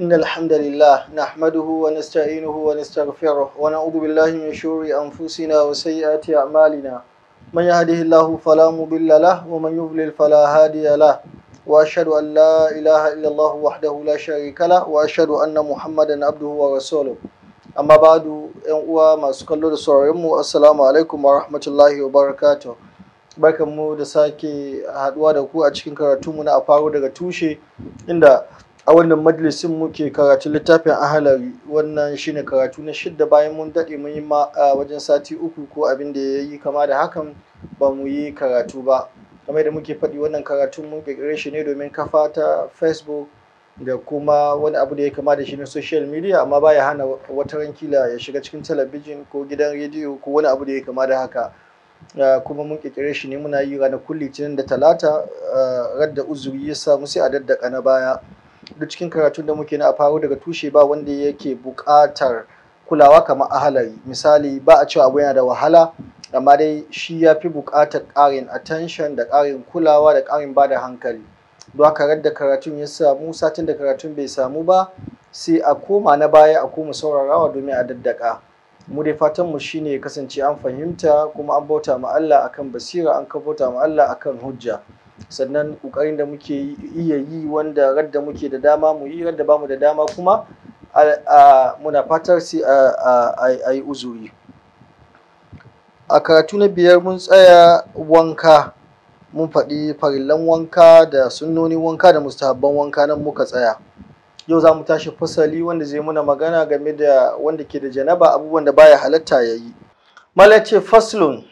إن الحمد لله نحمده ونستعينه ونستغفره ونعوذ بالله من شرور أنفسنا وسيئات أعمالنا من يهده الله فلا مضل له ومن يضلل فلا هادي له وأشهد أن لا إله إلا الله وحده لا شريك له وأشهد أن محمدا عبده ورسوله أما بعد إن هو ما kallo da sauraronmu assalamu alaikum wa rahmatullahi wa barkanmu da sake haduwa da ku a cikin karatunmu na a faru daga tushe inda a wannan majalisin muke karatu littafin ahalari wannan shine karatu na shidda bayan mun daɗe mun yi wajen sati uku ko abin da ya yi kama da hakan ba mu yi karatu ba kamar da muke faɗi wannan karatu mun ƙirƙire shi ne domin kafa ta facebook da kuma wani abu da ya kama da shi na social media amma ba ya hana wata rankila ya shiga cikin talabijin ko gidan rediyo ko wani abu da ya kama da haka Uh, kuma mun kirkire shi ne muna yi ranakun litinin da talata uh, radda uzuri ya samu sai a daddaka na baya duk cikin karatun da muke na a faru daga tushe ba wanda yake buƙatar kulawa kamar ahalari misali ba a cewa abu yana da wahala amma dai shi ya fi buƙatar ƙarin attention da ƙarin kulawa da ƙarin bada hankali don haka radda karatun ya samu satin da karatun bai samu ba sai a koma na baya a koma saurarawa domin a daddaka mu dai fatan mu shine kasance an fahimta kuma an bauta ma Allah akan basira an ka bauta ma Allah akan hujja sannan ƙoƙarin da muke iya yi wanda radda muke da dama mu yi radda bamu da dama kuma muna fatar sai a yi uzuri a karatu na biyar mun tsaya wanka mun faɗi farillan wanka da sunnonin wanka da mustahabban wanka nan muka tsaya yau za mu tashi fasali wanda zai muna magana game da wanda ke da janaba abubuwan da baya halatta ya yi mala ce faslun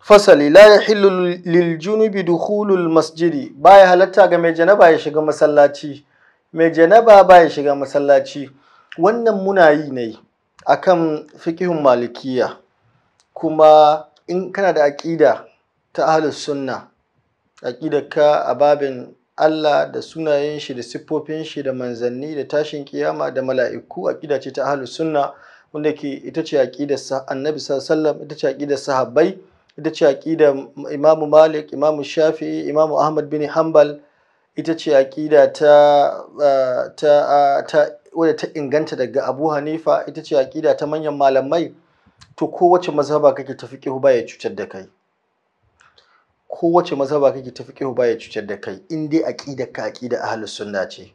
fasali la yahillu lil junubi dukhulul masjidi baya halatta ga mai janaba ya shiga masallaci mai janaba baya shiga masallaci wannan muna yi ne akan fiqihun malikiya kuma in kana da aƙida ta ahlus sunna ka a babin Allah da sunayen shi da siffofin shi da manzanni da tashin kiyama da mala'iku aƙida ce ta ahlus sunna wanda ke ita ce aƙidar annabi sallallahu alaihi wasallam ita ce aƙidar sahabbai ita ce aƙida imamu malik imamu Shafi, imamu ahmad bin Hambal, ita ce aƙida ta ta inganta daga abu hanifa ita ce aƙida ta manyan malamai to kowace mazhaba kake tafi fiqihu ba ya cutar da kai kowace mazhaba kake tafi fiqihu ba ya cutar da kai in dai aqida ka aqida ahlus sunna ce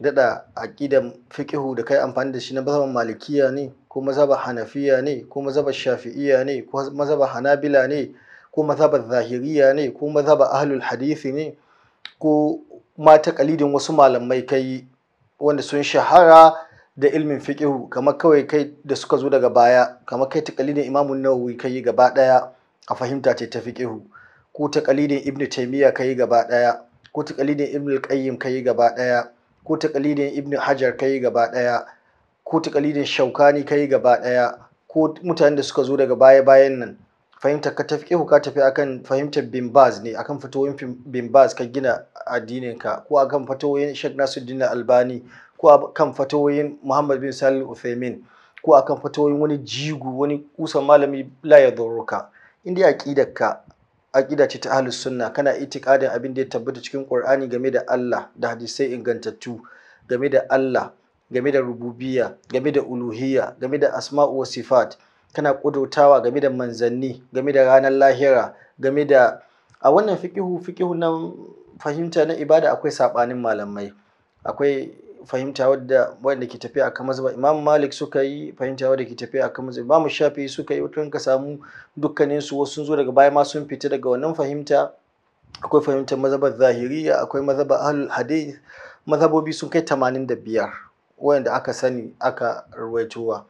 daɗa aƙidan fiƙihu da kai amfani da shi na mazhaban malikiya ne ko mazhaban hanafiya ne ko mazhaban shafi'iya ne ko mazhaban hanabila ne ko mazhaban zahiriya ne ko mazhaban ahlul hadisi ne ko ma takalidin wasu malamai kai wanda sun shahara da ilmin fiƙihu kamar kawai kai da suka zo daga baya kamar kai takalidin imamun nawawi kai gaba ɗaya a fahimta ce ta fiƙihu ko takalidin ibnu taymiya kai gaba ɗaya ko takalidin ibnu qayyim kai gaba ɗaya ko takalidin ibn hajar kai gaba ɗaya ko takalidin shaukani kai gaba ɗaya ko mutanen da suka zo daga baya bayan nan fahimtar ka tafi ka tafi akan fahimtar Bimbaz ne akan fatoyin Bimbaz ka gina addinin ka ko akan fatoyin shek nasuddin albani ko akan fatoyin muhammad bin salil uthaymin ko akan fatoyin wani jigu wani kusan malami la ya indai aqidar ka aƙida ce ta ahlus sunna kana itikadin abin da ya tabbata cikin qur'ani game da Allah da hadisai ingantattu game da Allah game da rububiyya game da uluhiyya game da asma'u wa sifat kana kudutawa game da manzanni game da ranar lahira game da a wannan fikihu fikihu na fahimta na ibada akwai saɓanin malamai akwai fahimta wadda wanda ke tafiya a kan mazhaba imam malik suka yi fahimta wadda ke tafiya a kan mazhaba imam shafi suka yi wata ka samu dukkanin su wasu sun zo daga baya ma sun fita daga wannan fahimta akwai fahimtar mazhabar zahiriya akwai mazabar ahlul hadith mazhabobi sun kai 85 wanda aka sani aka ruwaitowa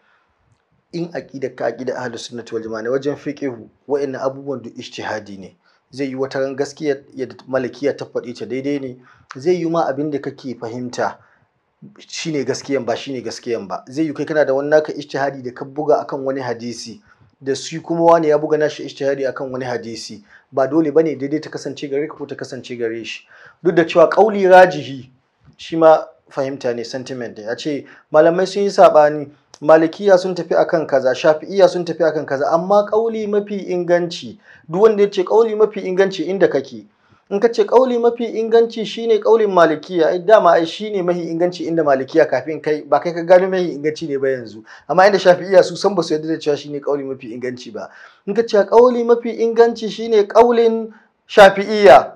in aqida ka aqida ahlus sunnati wal jama'a wajen fiqhu wa'annan abubuwan duk ijtihadi ne zai yi wata gaskiya yadda malakiya ta faɗi ta daidai ne zai yi ma abin da kake fahimta shine gaskiyan ba shine gaskiyan ba zai yi kai kana da wani naka ijtihadi da ka buga akan wani hadisi da su kuma wani ya buga nashi ijtihadi akan wani hadisi ba dole ba ne daidai ta kasance gare ka ko ta kasance gare shi duk da cewa kauli rajihi shi ma fahimta ne sentiment ya ce malamai sun yi saɓani malikiya sun tafi akan kaza shafi'iya sun tafi akan kaza amma kauli mafi inganci duk wanda ya ce kauli mafi inganci inda kake in ka ce ƙauli mafi inganci shine ƙaulin malikiya ai dama ai shine mafi inganci inda malikiya kafin kai ba kai ka gano mafi inganci ne ba yanzu amma inda shafi'iya su san ba su yadda da cewa shine ƙauli mafi inganci ba in ka ce ƙauli mafi inganci shine ƙaulin shafi'iya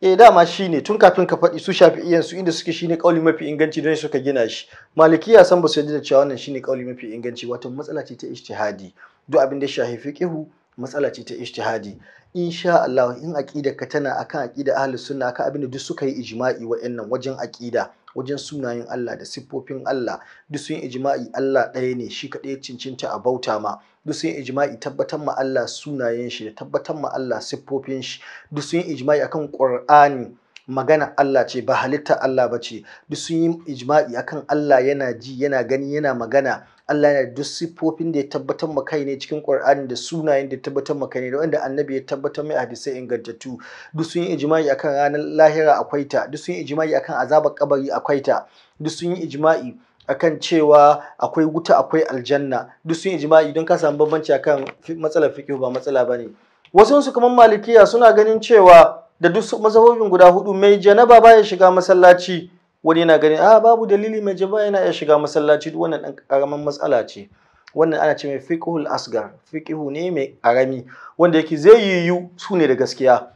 e dama shine tun kafin ka faɗi su shafi'iyan su inda suke shine ƙauli mafi inganci don suka gina shi malikiya san ba su yadda da cewa wannan shine ƙauli mafi inganci wato matsala ce ta ijtihadi duk abin da shafi fiqhu matsala ce ta ijtihadi insha Allah in ka tana akan aqida ahlus sunna akan abin da duk suka yi ijma'i wa'annan wajen aqida wajen sunayen Allah da siffofin Allah duk sun ijma'i Allah ɗaya ne shi kaɗai cincinta a bauta ma duk sun ijma'i tabbatar ma Allah sunayen shi da tabbatar ma Allah siffofin shi duk sun ijma'i akan Qur'ani magana Allah ce ba halitta Allah ba ce duk sun yi ijma'i akan Allah yana ji yana gani yana magana Allah yana duk siffofin da ya tabbatar ma kai ne cikin Qur'ani da sunayen da ya tabbatar ma kai ne da wanda annabi ya tabbatar mai hadisai ingantattu duk sun yi ijma'i akan ranar lahira akwai ta duk sun yi ijma'i akan azabar kabari akwai ta duk sun yi ijma'i akan cewa akwai wuta akwai aljanna duk sun yi ijma'i don ka samu bambanci akan matsalar fiqh ba matsala bane wasu su kamar malikiya suna ganin cewa da duk mazhabobin guda hudu mai janaba baya shiga masallaci wani yana ganin a ah, babu dalili mai jaba yana iya shiga masallaci wannan ɗan karamin matsala ce wannan ana ce mai fiqhul asgar fiqhu ne mai arami wanda yake zai yiwu su ne da gaskiya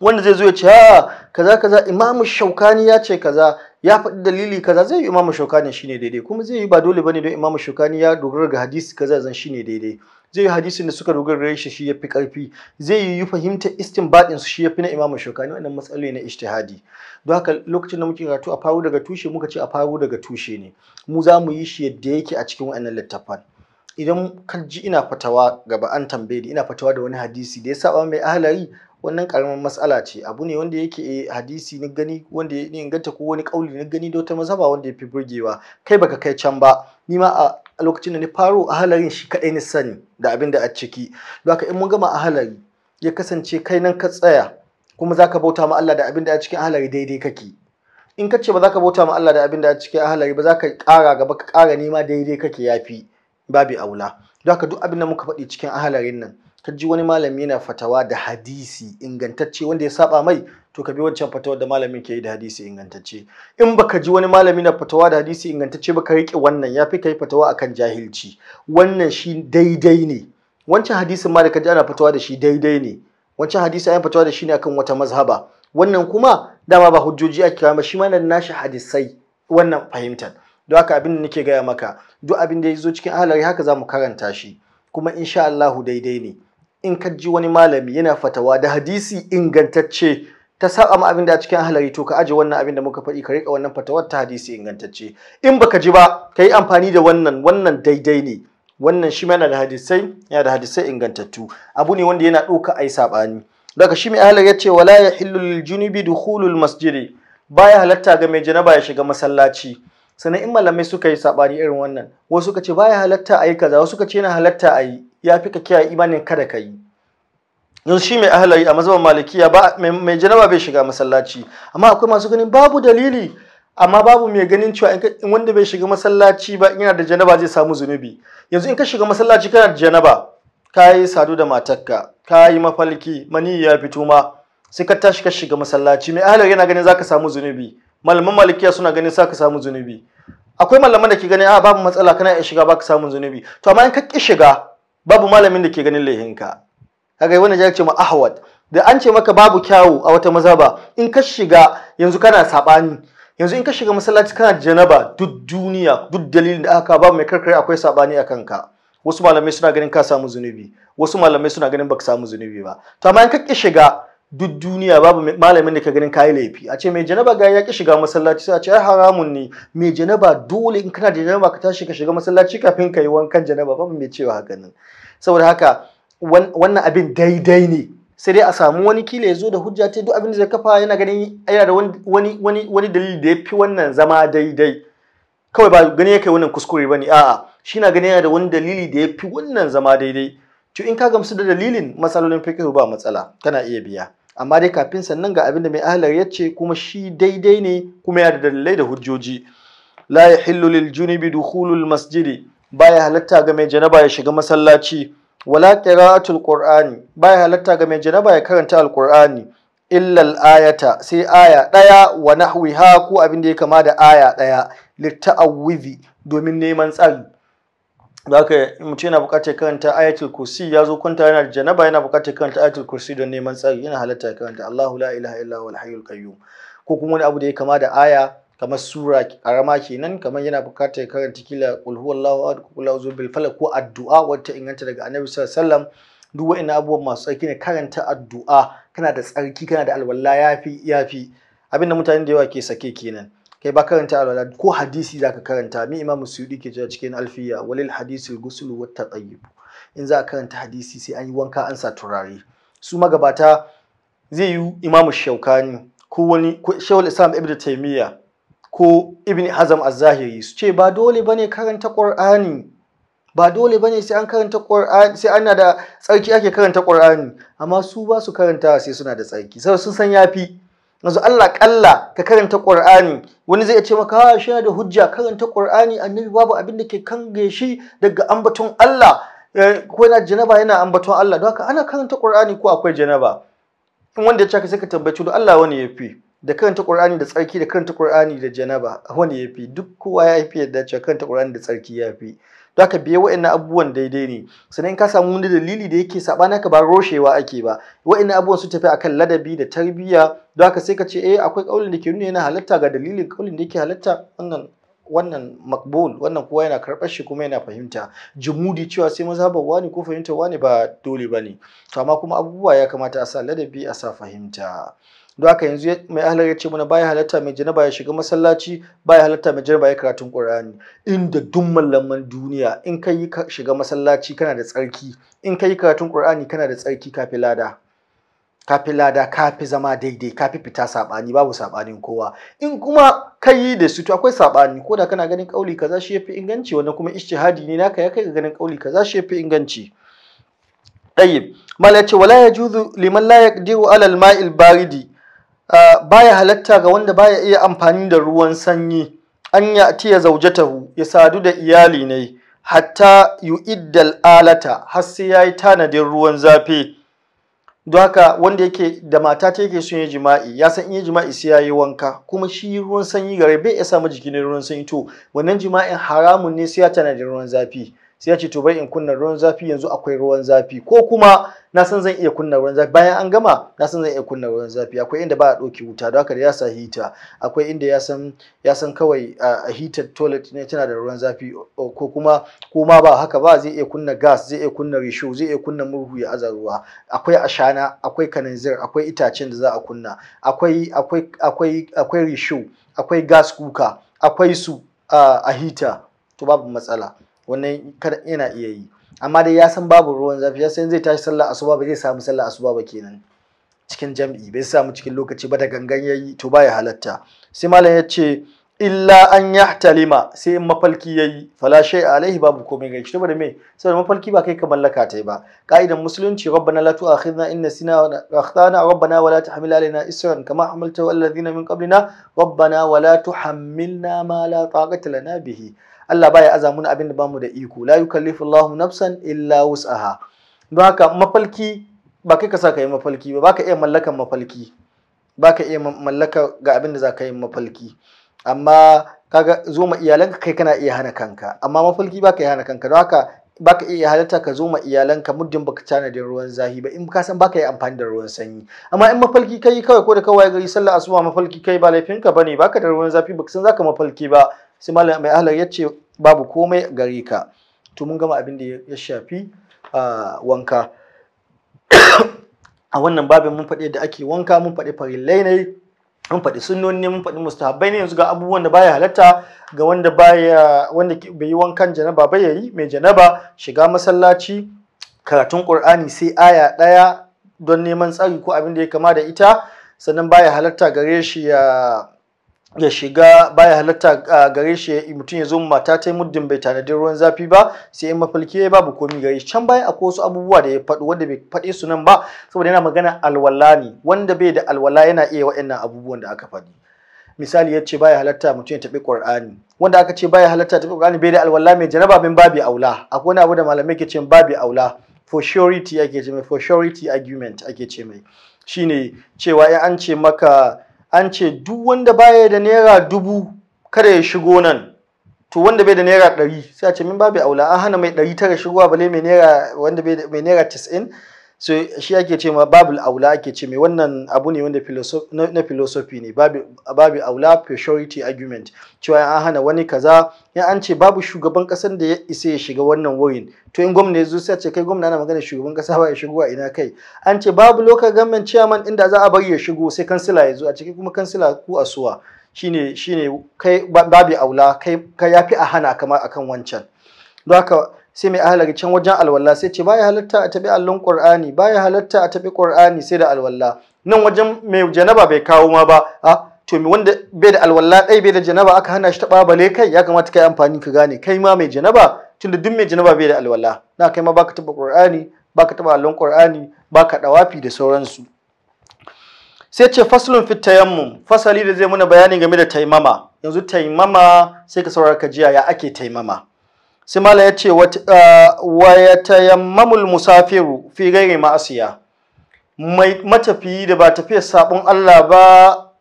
wanda zai zo ya ce ha ah, kaza kaza imamu shaukani ya ce kaza ya faɗi dalili kaza zai yi imamu shaukani shine daidai kuma zai yi ba dole bane don imamu shaukani ya dogara ga hadisi kaza zan shine daidai zai yi hadisin da suka dogara gare shi shi yafi karfi zai yi istin baɗin su shi ya fi na imamu shaukani wannan matsaloli na ijtihadi don haka lokacin da muke karatu a faru daga tushe muka ce a faru daga tushe ne mu za mu yi shi yadda yake a cikin wannan littafan idan ka ji ina fatawa gaba an tambaye ina fatawa da wani hadisi da ya saba mai ahlari wannan karamin matsala ce abu ne wanda yake eh, hadisi na gani wanda ya inganta ko wani kauli na gani da wata mazhaba wanda ya fi burgewa kai baka kai can ba ni ma a lokacin da ni faro a halarin shi kadai ni sani da abin da a ciki don haka in mun gama a halari ya kasance kai nan ka tsaya kuma zaka bauta ma Allah da abin da a cikin halari daidai kake in ka ce ba zaka bauta ma Allah da abin da a cikin halari ba zaka kara gaba ka kara nema daidai kake yafi babu aula don haka duk abin da muka faɗi cikin ahalarin nan ka ji wani malami yana fatawa da hadisi ingantacce wanda ya saba mai to ka bi wancan fatawar da malamin ke yi da hadisi ingantacce in baka ji wani malami na fatawa da hadisi ingantacce ba ka riƙe wannan ya fi ka yi fatawa akan jahilci wannan shi daidai ne wancan hadisin ma da ka ji ana fatawa da shi daidai ne wancan hadisi an fatawa da shi ne akan wata mazhaba wannan kuma dama ba hujjoji ake kama shi ma na nashi hadisai wannan fahimtar don haka abin da nake gaya maka duk abin da ya zo cikin ahalari haka za mu karanta shi kuma insha Allahu daidai ne in ka ji wani malami yana fatawa da hadisi ingantacce ta saba ma abin da a cikin halari to ka aje wannan abin da muka faɗi ka riƙa wannan fatawar ta hadisi ingantacce in baka ji ba ka yi amfani da wannan wannan daidai ne wannan shi yana da hadisai yana da hadisai ingantattu abu ne wanda yana ɗauka ai saɓani daga shi mai ya ce wala ya lil junubi dukhulul masjidi baya halatta ga mai janaba ya shiga masallaci sannan in malamai suka yi saɓani irin wannan wasu suka ce baya halatta a yi kaza wasu suka ce yana halatta a yi ya fi ka kiyaye imanin kada ka yi yanzu shi mai ahalari a mazaban malikiya ba mai janaba bai shiga masallaci amma akwai masu ganin babu dalili amma babu mai ganin cewa wanda bai shiga masallaci ba yana da janaba zai samu zunubi yanzu in ka shiga masallaci kana da janaba ka yi sadu da matarka ka yi mafalki mani ya fito ma sai ka tashi ka shiga masallaci mai ahalari yana ganin zaka samu zunubi malaman malikiya suna ganin zaka samu zunubi akwai malaman da ke ganin a ah, babu matsala kana iya shiga baka samun zunubi to amma in ka ki shiga babu malamin da ke ganin laihinka kaga wani ya ce mu ahwad da an ce maka babu kyawu a wata maza ba. in ka shiga yanzu kana sabani yanzu in ka shiga masallaci kana janaba duk duniya duk dalilin da aka ba mai karkare akwai sabani a kanka wasu malamai suna ganin ka samu zunubi wasu malamai suna ganin baka samu zunubi ba to amma in ka ki shiga duk duniya babu malamin da ka ganin kayi laifi a ce mai janaba ga ya ki shiga masallaci sai a ce ai haramun ne mai janaba dole in kana da janaba ka tashi ka shiga masallaci kafin ka yi wankan janaba babu mai cewa haka nan saboda haka wannan abin daidai ne sai dai a samu wani kila ya zo da hujja ta duk abin da zai kafa yana ganin yana da wani wani wani dalili da ya fi wannan zama daidai kawai ba gani yake wannan kuskure ba ne. a'a shi na ganin yana da wani dalili da ya fi wannan zama daidai to in ka gamsu da dalilin matsalolin fiqh ba matsala kana iya biya amma dai kafin sannan ga abinda mai ahlar ya ce kuma shi daidai ne kuma ya da dalilai da hujjoji la yahillu lil junubi dukhulul masjidi baya halatta ga mai janaba ya shiga masallaci wala qira'atul qur'ani baya halatta ga mai janaba ya karanta alqur'ani illal ayata sai aya ɗaya wa nahwiha ko abin da ya kama da aya ɗaya litta'awwizi domin neman tsari zaka ce yana buƙatar karanta ayatul kursi ya zo kwanta yana da janaba yana buƙatar karanta ayatul kursi don neman tsari yana halatta ya karanta Allahu la ilaha illa huwal hayyul qayyum ko kuma wani abu da ya kama da aya kamar sura karama kenan kamar yana bukatar karanta kila qul huwallahu ahad qul a'udhu bil falaq ko addu'a wata inganta daga annabi sallallahu alaihi wasallam duk wani abubuwan masu tsarki ne karanta addu'a kana da tsarki kana da alwala yafi yafi abinda mutane da yawa ke sake kenan kai ba karanta alwala ko hadisi za ka karanta mi imamu suyudi ke jira cikin alfiya walil hadisi gusulu wata tsayibu in za a karanta hadisi sai an yi wanka an sa turare su magabata zai yi imamu shaukani ko wani ko shawul islam ibn taimiyya ko ibn hazam az-zahiri su ce ba dole bane karanta qur'ani ba dole bane sai an karanta Qur'ani sai ana da tsarki ake karanta Qur'ani amma su ba su karanta sai suna da tsarki sai sun san yafi yanzu Allah kalla ka karanta Qur'ani wani zai ce maka ha shi da hujja karanta Qur'ani annabi babu abin da ke kange shi daga ambaton Allah eh, ko yana janaba yana ambaton Allah don haka ana karanta Qur'ani ko akwai janaba in wanda ya ce ka sai ka tabbaci da Allah wani yafi da karanta Qur'ani da tsarki da karanta Qur'ani da janaba wani yafi duk kowa ya fi yadda ce karanta Qur'ani da tsarki yafi Za ka biya wa'annan abubuwan daidai ne sannan ka samu wani dalili da yake sabana ka ba roshewa ake ba wa'annan abubuwan su tafi akan ladabi da tarbiyya don haka sai ka ce eh akwai kaulin da ke nuna yana halatta ga dalilin kaulin da yake halatta wannan wannan makbul wannan kowa yana karɓar shi kuma yana fahimta jumudi cewa sai maza mazhabar wani ko fahimta, wani ba dole ne. to amma kuma abubuwa ya kamata a sa ladabi a sa fahimta don haka yanzu mai ahlar ya ce mana baya halatta mai janaba ya shiga masallaci baya halatta mai janaba ya karatun qur'ani inda duk mallaman duniya in ka yi shiga masallaci kana da tsarki in ka yi karatun qur'ani kana da tsarki kafi lada kafi lada kafi zama daidai kafi fita sabani babu sabanin kowa in kuma ka yi da su to akwai sabani ko da kana ganin kauli kaza shi yafi inganci wannan kuma ijtihadi ne naka ya kai ga ganin kauli kaza shi yafi inganci tayyib mala yace wala yajuzu liman la yaqdiru ala al-ma'il baridi Ah, baya halatta ga wanda baya iya amfani da ruwan sanyi an ya tiya zaujatahu ya sadu da iyali ne hatta yu'iddal alata har sai yayi tanadin ruwan zafi don haka wanda yake da mata ta yake son yi jima'i ya san in jima'i sai yayi wanka kuma shi ruwan sanyi gare bai ya samu jiki ne ruwan sanyi to wannan jima'in haramun ne sai ya tanadin ruwan zafi sai ya ce to bai in kunna ruwan zafi yanzu akwai ruwan zafi ko kuma na san zan iya kunna ruwan zafi bayan an gama na san zan iya kunna ruwan zafi akwai inda ba a ɗauki wuta don haka ya sa hita akwai inda ya san ya san kawai a hitar toilet ne tana da ruwan zafi ko kuma ko ma ba haka ba zai iya kunna gas zai iya kunna risho zai iya kunna murhu ya aza ruwa akwai ashana akwai kananzir akwai itacen da za a kunna akwai akwai akwai akwai risho akwai gas kuka akwai su a hita to babu matsala wannan kar yana iya yi amma dai ya san babu ruwan zafi ya san zai tashi sallah asuba ba zai samu sallah asuba ba kenan cikin jam'i bai samu cikin lokaci ba da gangan yayi to ba ya halatta sai malam ya ce illa an yahtalima sai in mafalki yayi fala shay alaihi babu komai ga shi da me saboda mafalki ba kai ka mallaka tai ba ka'idan musulunci rabbana la tu'akhidna in nasina wa akhtana rabbana wa la tahmil alaina isran kama hamalta alladhina min qablina rabbana wa la tuhammilna ma la taqata lana bihi Allah baya aza mana abin da bamu da iko la yukallifu Allahu nafsan illa wus'aha don haka mafalki ba kai ka sa ka yi mafalki ba baka iya mallakan mafalki baka iya mallaka ga abin da za ka yi mafalki amma kaga zo ma iyalanka kai kana iya hana kanka amma mafalki baka iya hana kanka don haka baka iya halatta ka zo ma iyalanka muddin baka da ruwan zahi ba in ka san baka yi amfani da ruwan sanyi amma in mafalki kai kawai ko da kawai gari sallah asuba mafalki kai ba laifinka bane baka da ruwan zafi baka san zaka mafalki ba sai malam mai ahlar ya ce babu komai gare ka to mun gama abin da ya shafi wanka a wannan babin mun faɗi da ake wanka mun faɗi farillai ne mun faɗi sunnoni mun faɗi mustahabbai ne yanzu ga abubuwan da baya halatta ga wanda baya wanda bai yi wankan janaba ba yayi mai janaba shiga masallaci karatun qur'ani sai aya ɗaya don neman tsari ko abin da ya kama da ita sannan baya halatta gare shi ya ya shiga baya halatta a gare shi mutum ya zo mata ta muddin bai tanadin ruwan zafi ba sai in mafalki ya babu komi gare shi can baya akwai wasu abubuwa da ya faɗi wanda bai faɗe su nan ba saboda yana magana alwala ne wanda bai da alwala yana iya waɗannan abubuwan da aka faɗi misali ya ce baya halatta mutum ya tafi ƙur'ani wanda aka ce baya halatta tafi ƙur'ani bai da alwala mai janaba min babi aula akwai wani abu da malamai ke ce babi aula for surety ake ce mai for surety argument ake ce mai shine cewa ya an ce maka an ce duk wanda baya da naira dubu kada ya shigo nan to wanda bai da naira ɗari sai a ce min babu aula an hana mai ɗari tara shigowa bale mai naira wanda bai naira tis'in so shi ake ce ma babul aula ake ce mai wannan abu ne wanda na philosophy ne babu aula priority argument cewa an hana wani kaza ya an ce babu shugaban kasar da ya isa ya shiga wannan wurin to in gwamna ya zo sai ce kai gwamna ana magana shugaban kasa ba ya shigo a ina kai an ce babu local government chairman inda za a bari ya shigo sai kansila ya zo a cikin kuma kansila ku asuwa shine shine kai babu aula kai ya fi a hana kamar akan wancan don haka sai mai ahalar can wajen alwala sai ce baya halatta a tabi allon qur'ani baya halatta a tabi qur'ani sai da alwallah nan wajen mai janaba bai kawo ma ba a ah, to wanda bai da alwallah ɗai bai da janaba aka hana shi taɓa bale kai ya kamata kai amfani ka gane kai ma mai janaba tunda duk mai janaba bai da alwallah na kai ma baka taɓa qur'ani baka taɓa allon qur'ani baka ɗawafi da sauransu sai ce faslun fit tayammum fasali da zai muna bayani game da taimama yanzu taimama sai ka saurara ka jiya ya ake taimama simala ya ce uh, wa yatayammamul musafiru fi gairi ma'asiya mai matafiyi da ba tafiyar sabon Allah ba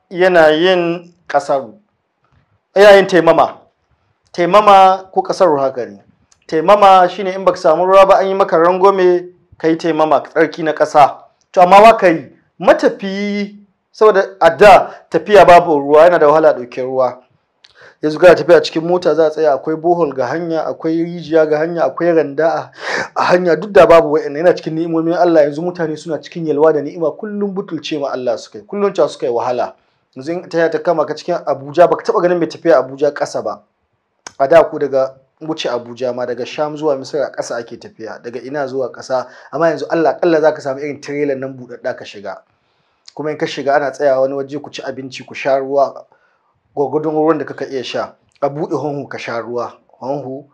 yana yin Yana yin taimama taimama ko kasar haka ne taimama shine in baka samu ruwa ba an yi maka rangome yi taimama tsarki na ƙasa to amma ba yi matafiyi saboda a da tafiya babu ruwa yana da wahala ɗauke ruwa yanzu kana tafiya cikin mota za a tsaya akwai bohol ga hanya akwai rijiya ga hanya akwai randa a hanya duk da babu wa'in yana cikin ni'imomin Allah yanzu mutane suna cikin yalwa da ni'ima kullum butulce ma Allah su kai kullum ta su kai wahala yanzu ta ya ta kama ka cikin Abuja baka taba ganin mai tafiya Abuja ƙasa ba a da ku daga wuce Abuja ma daga Sham zuwa Misira a ƙasa ake tafiya daga ina zuwa ƙasa amma yanzu Allah kalla zaka samu irin trailer nan budadda ka shiga kuma in ka shiga ana tsayawa wani waje ku ci abinci ku sha ruwa gwagwadon ruwan da kaka iya sha a buɗe honhu ka sha ruwa honhu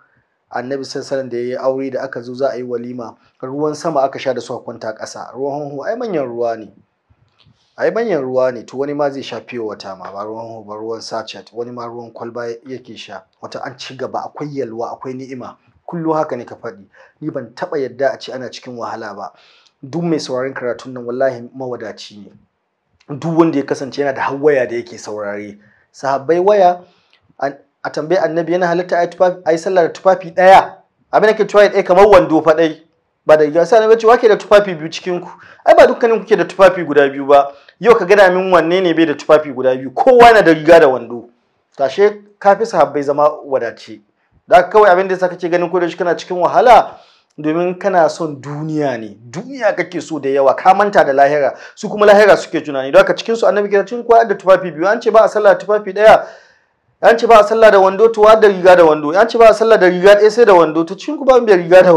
annabi sanin da ya yi aure da aka zo za a yi walima ruwan sama aka sha da su kwanta ƙasa ruwan honhu ai manyan ruwa ne ai manyan ruwa ne to wani ma zai sha fiye wata ma ba ruwan honhu ba ruwan sachet wani ma ruwan kwalba yake sha wata an ci gaba akwai yalwa akwai ni'ima kullum haka ne ka faɗi ni ban taɓa yadda a ce ana cikin wahala ba duk mai sauraron karatun nan wallahi mawadaci ne duk wanda ya kasance yana da hawaya da yake saurare sahabbai waya a tambayi annabi yana halitta a yi sallah da tufafi ɗaya abin da ke tufafi ɗaya kamar wando faɗai ba da riga sai annabi ce wake da tufafi biyu cikin ku ai ba dukkanin kuke da tufafi guda biyu ba yau ka gada min wanne ne bai da tufafi guda biyu kowa na da riga da wando tashe ka fi sahabbai zama wadace da kawai abin da saka ce ganin ko da shi kana cikin wahala domin kana son duniya ne duniya kake so da yawa ka manta da lahira su kuma lahira suke tunani don haka cikin su annabi kiran cikin kwa da tufafi biyu an ce ba a sallah tufafi daya an ce ba a sallah da wando tuwa da riga da wando an ce ba a sallah da riga ɗaya sai da wando to cikin ku ba mu riga da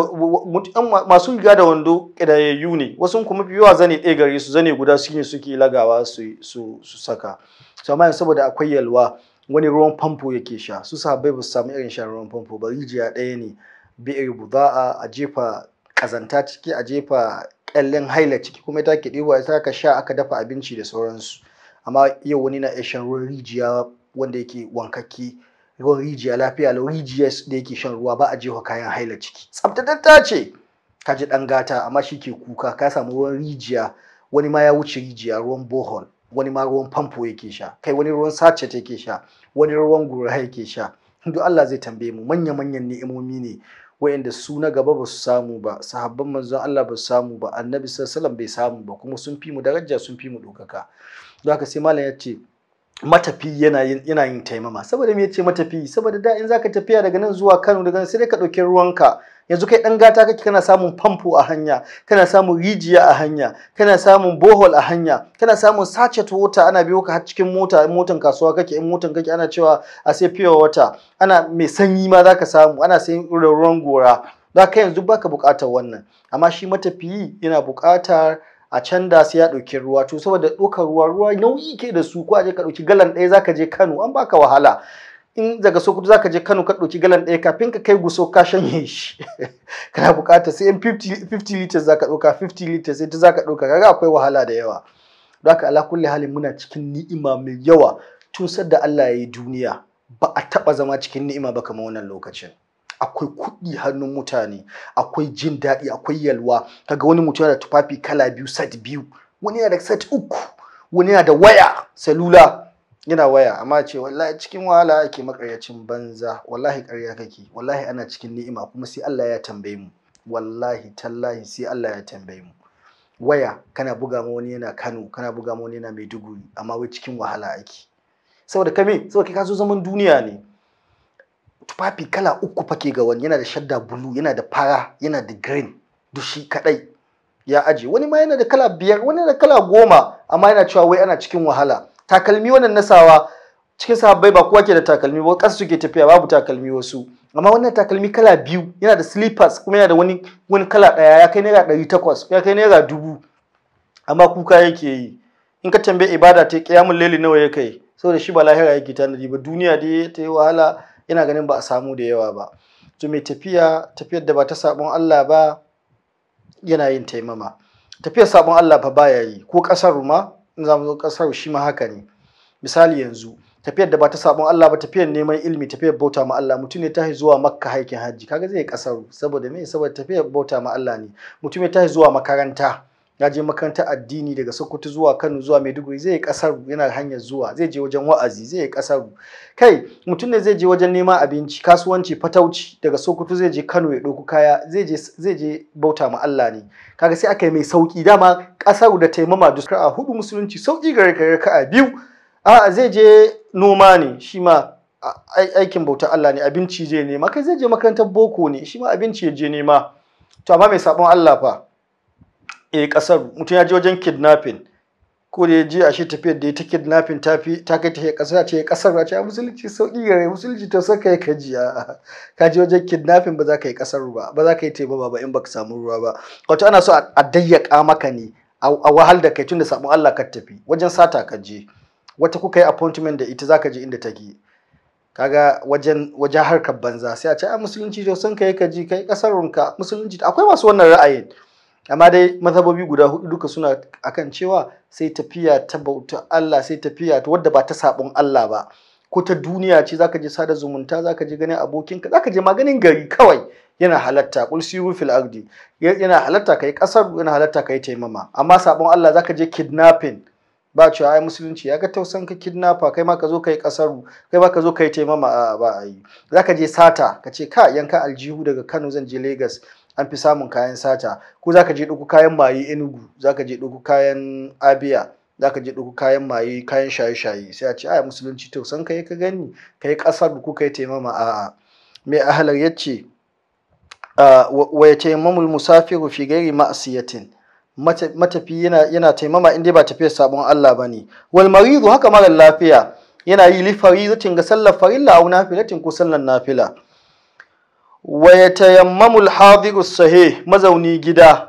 masu riga da wando kidayayyu ne wasu kuma fi yawa zane ɗaya gare su zane guda suke suke lagawa su saka to amma saboda akwai yalwa wani ruwan famfo yake sha su sahabbai ba su samu irin shan ruwan famfo ba rijiya ɗaya ne bi'ir za a jefa kazanta ciki a jefa kyallen haila ciki kuma ita ke ɗiba ita ka sha aka dafa abinci da sauransu amma yau wani na shan ruwan rijiya wanda yake wankakke ruwan rijiya lafiya lau rijiya da yake shan ruwa ba a jefa kayan haila ciki tsaftatatta ce ka ji ɗan gata amma shi ke kuka ka samu ruwan rijiya wani ma ya wuce rijiya ruwan bohol wani ma ruwan famfo yake sha kai wani ruwan sace yake sha wani ruwan gura yake sha duk Allah zai tambaye mu manya manyan ni'imomi ne wayanda su na gaba ba su samu ba sahabban manzon Allah ba su samu ba annabi sallallahu bai samu ba kuma sun fi mu daraja sun fi mu dokaka don haka sai malam ya ce matafi yana yin yana yin taimama saboda me yace matafi saboda da in zaka tafiya daga nan zuwa Kano daga nan sai ka dauki ruwanka yanzu kai ɗan gata kake kana samun famfo a hanya kana samun rijiya a hanya kana samun bohol a hanya kana samun sachet water ana biyo ka har cikin mota motan kasuwa kake in motan kake ana cewa a sai pure water ana mai sanyi ma zaka samu ana sayin ruwan gora da kai yanzu baka bukatar wannan amma shi matafiyi yana bukatar a can da sai ya ɗauki ruwa to saboda ɗaukar ruwa ruwa nauyi ke da su ko a je ka ɗauki galan ɗaya zaka je Kano an baka wahala in daga sokoto zaka je kano ka ɗauki galan ɗaya kafin ka kai guso ka shanye shi kana buƙatar sai in 50 liters zaka ɗauka 50 liters za zaka ɗauka kaga akwai wahala da yawa don haka ala kulli halin muna cikin ni'ima mai yawa tun sadda Allah ya yi duniya ba a taɓa zama cikin ni'ima ba kamar wannan lokacin akwai kuɗi hannun mutane akwai jin daɗi akwai yalwa kaga wani mutum yana da tufafi kala biyu set biyu wani yana da set uku wani yana da waya salula yana waya amma ce wallahi cikin wahala ake makaryacin banza wallahi ƙarya kake wallahi ana cikin ni'ima kuma sai Allah ya tambaye mu wallahi tallahi sai Allah ya tambaye mu waya kana buga mu wani yana Kano kana buga mu wani yana Maiduguri amma wai cikin wahala ake saboda kame saboda ka zo zaman duniya ne tufafi kala uku fake ga wani yana da shadda bulu yana da fara yana da green dushi kadai ya aje wani ma yana da kala biyar wani da kala goma amma yana cewa wai ana cikin wahala takalmi wannan nasawa cikin sahabbai ba kowa ke da takalmi ba kasu suke tafiya babu takalmi wasu amma wannan takalmi kala biyu yana da slippers kuma yana da wani wani kala ɗaya ya kai naira ɗari takwas ya kai naira dubu amma kuka yake yi in ka tambaye ibada ta kiyamul laili nawa ya kai saboda shi ba lahira yake tanadi ba duniya dai ta yi wahala yana ganin ba a samu da yawa ba to mai tafiya tafiyar da ba ta sabon Allah ba yana yin taimama tafiyar sabon Allah fa baya yi ko kasar ma in za mu zo kasar shi ma haka ne misali yanzu tafiyar da ba ta sabon Allah ba tafiyar neman ilimi tafiyar bauta ma Allah mutum ne tahi zuwa makka haikin hajji kaga zai ƙasar saboda me saboda tafiyar bauta ma Allah ne mutum ne tahi zuwa makaranta ya je makarantar addini daga sokoto zuwa kano zuwa maiduguri zai yi kasar yana hanyar zuwa zai je wajen wa'azi zai yi kasar kai mutum ne zai je wajen neman abinci kasuwanci fatauci daga sokoto zai je kano ya ɗauku kaya zai je bauta ma allah ne kaga sai aka yi mai sauki dama kasar da taimama duk a hudu musulunci sauki gare gare a biyu a zai je noma ne shi ma aikin bauta allah ne abinci je nema kai zai je makarantar boko ne shi ma abinci ya je nema to amma mai sabon allah fa a eh, kasar mutum ya je wajen kidnapping ko da ya je a shi tafiya da ya ta kidnapping ta fi ta kai tafiyar kasar ce kasar ce a musulunci sauki gare musulunci ta saka ya kaji a ka je wajen kidnapping ba za ka yi kasar ba ba za ka yi teba ba in ka samu ruwa ba wato ana so a dayyaka maka ne a wahal da kai da sabon Allah ka tafi wajen sata ka je wata kuka yi appointment da ita za ka je inda take kaga wajen wajen harkar banza sai a ce a musulunci to sun kai ka ji kai kasar musulunci akwai masu wannan ra'ayin amma dai mazhabobi guda hudu duka suna akan cewa sai tafiya ta bauta Allah sai tafiya ta wadda ba ta sabon Allah ba ko ta duniya ce zaka je sada zumunta zaka je ganin abokinka zaka je maganin gari kawai yana halatta kul siru fil ardi yana halatta kai kasar yana halatta kai taimama amma sabon Allah zaka je kidnapping ba cewa ai musulunci ya ga tausan ka kidnapper kai ma ka zo kai kasar kai ma ka zo kai taimama ba ai zaka je sata ka ce ka yanka aljihu daga Kano zan je Lagos an fi samun kayan sata ko zaka je ɗauko kayan maye enugu zaka je ɗauko kayan abiya zaka je ɗauko kayan maye kayan shaye-shaye sai a ce a musulunci to san kai ka gani kai ƙasar ku kai taimama a'a mai ahalar yace wa ya taimamul musafiru fi gairi ma'asiyatin matafi yana taimama inda ba tafiyar sabon Allah ba ne wal maridu haka mara lafiya yana yi li farizatin ga sallar farilla au nafilatin ko sallar nafila wa ya tayammamul hadiru sahih mazauni gida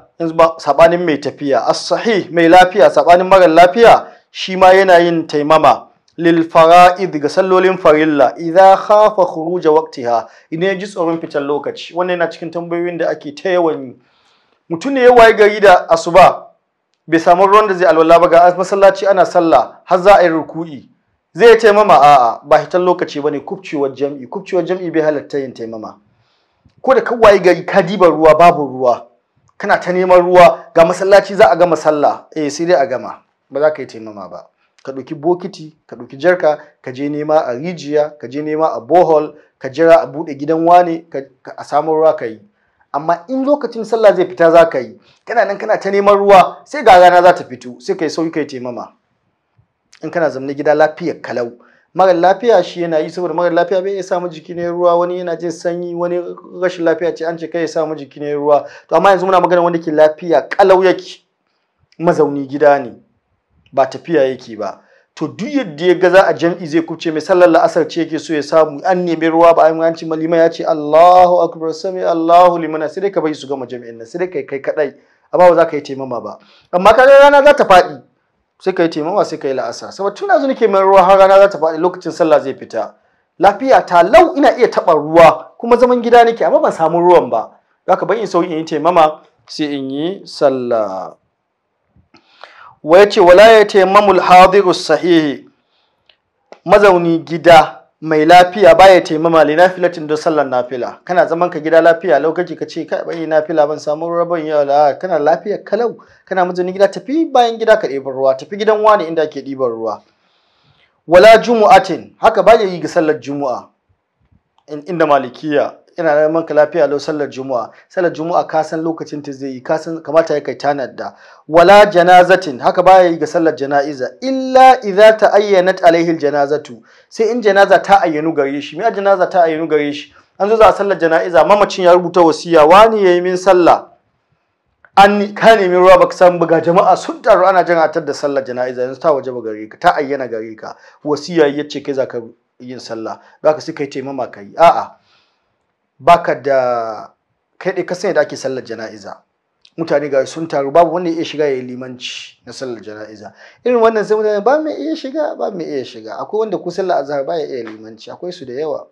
sabanin mai tafiya as mai lafiya sabanin mara lafiya shi ma yana yin taimama lil fara'id ga sallolin farilla idza khafa khuruj waqtiha idan ya ji tsoron fitar lokaci wannan yana cikin tambayoyin da ake ta yawan mutum ne ya waye gari da asuba bai samu ruwan da zai alwala ba ga masallaci ana sallah har za a yi ruku'i zai taimama a'a ba hitar lokaci bane kubcewar jam'i kubcewar jam'i bai halatta yin taimama ko da kawai gari ka diba ruwa babu ruwa kana ta neman ruwa ga masallaci za a gama sallah eh sai dai a gama ba za ka yi taimama ba ka ɗauki bokiti ka ɗauki jarka ka je nema a rijiya ka je nema a bohol ka jira a buɗe gidan wane a samu ruwa ka yi amma in lokacin sallah zai fita za ka yi kana nan kana ta neman ruwa sai ga rana za ta fito sai ka yi sauyi ka yi taimama in kana zamne gida lafiyar kalau mara lafiya shi yana yi saboda mara lafiya bai iya samu jiki ne ruwa wani yana jin sanyi wani rashin lafiya ce an ce kai ya samu jiki ne ruwa to amma yanzu muna magana wanda ke lafiya kalau yake mazauni gida ne ba tafiya yake ba to duk yadda ya ga za a jam'i zai kuce mai sallar la'asar ce yake so ya samu an nemi ruwa ba an ci malima ya ce Allahu akbar sami Allahu limana sai dai ka bai su gama jami'in nan sai dai kai kai kadai amma ba za ka yi taimama ba amma kaga rana za ta faɗi sai ka yi taimama sai ka yi la'asa saboda tun yanzu nake mai ruwa har rana za ta faɗi lokacin sallah zai fita lafiya ta lau ina iya taɓa ruwa kuma zaman gida nake amma ban samu ruwan ba zaka bai in sauki in yi taimama sai in yi sallah wa yace wala ya taimamul Hadiru sahihi mazauni gida mai lafiya baya taimama li nafilatin don sallar nafila kana zaman ka gida lafiya lokaci ka ce kai bai nafila ban samu rabon yau la kana lafiya kalau kana mazuni gida tafi bayan gida ka ɗiban ruwa tafi gidan wani inda ke ɗiban ruwa wala jumu'atin haka baya yi ga sallar jumu'a inda malikiya Yana da manka lafiya lau sallar juma'a sallar juma'a ka san lokacin ta zai yi ka san kamata ya kai tanadda wala janazatin haka baya yi ga sallar jana'iza illa idza ta'ayyanat alaihi janazatu sai in janaza ta ayyanu gare shi me janaza ta ayyanu gare shi an zo za a sallar jana'iza mamacin ya rubuta wasiya wani yayi min sallah an ka nemi ruwa baka san buga jama'a sun taru ana janatar da sallar jana'iza yanzu ta waje gare ka ta ayyana gare ka wasiya yace kai zaka yin sallah baka sai kai taimama kai a'a baka da kai dai kasan yadda da ake sallar jana'iza mutane ga sun taru babu wanda ya shiga ya yi limanci na sallar jana'iza irin wannan sai mutane ba mai iya shiga ba mai iya shiga akwai wanda ku sallar azhar ba ya iya limanci akwai su da yawa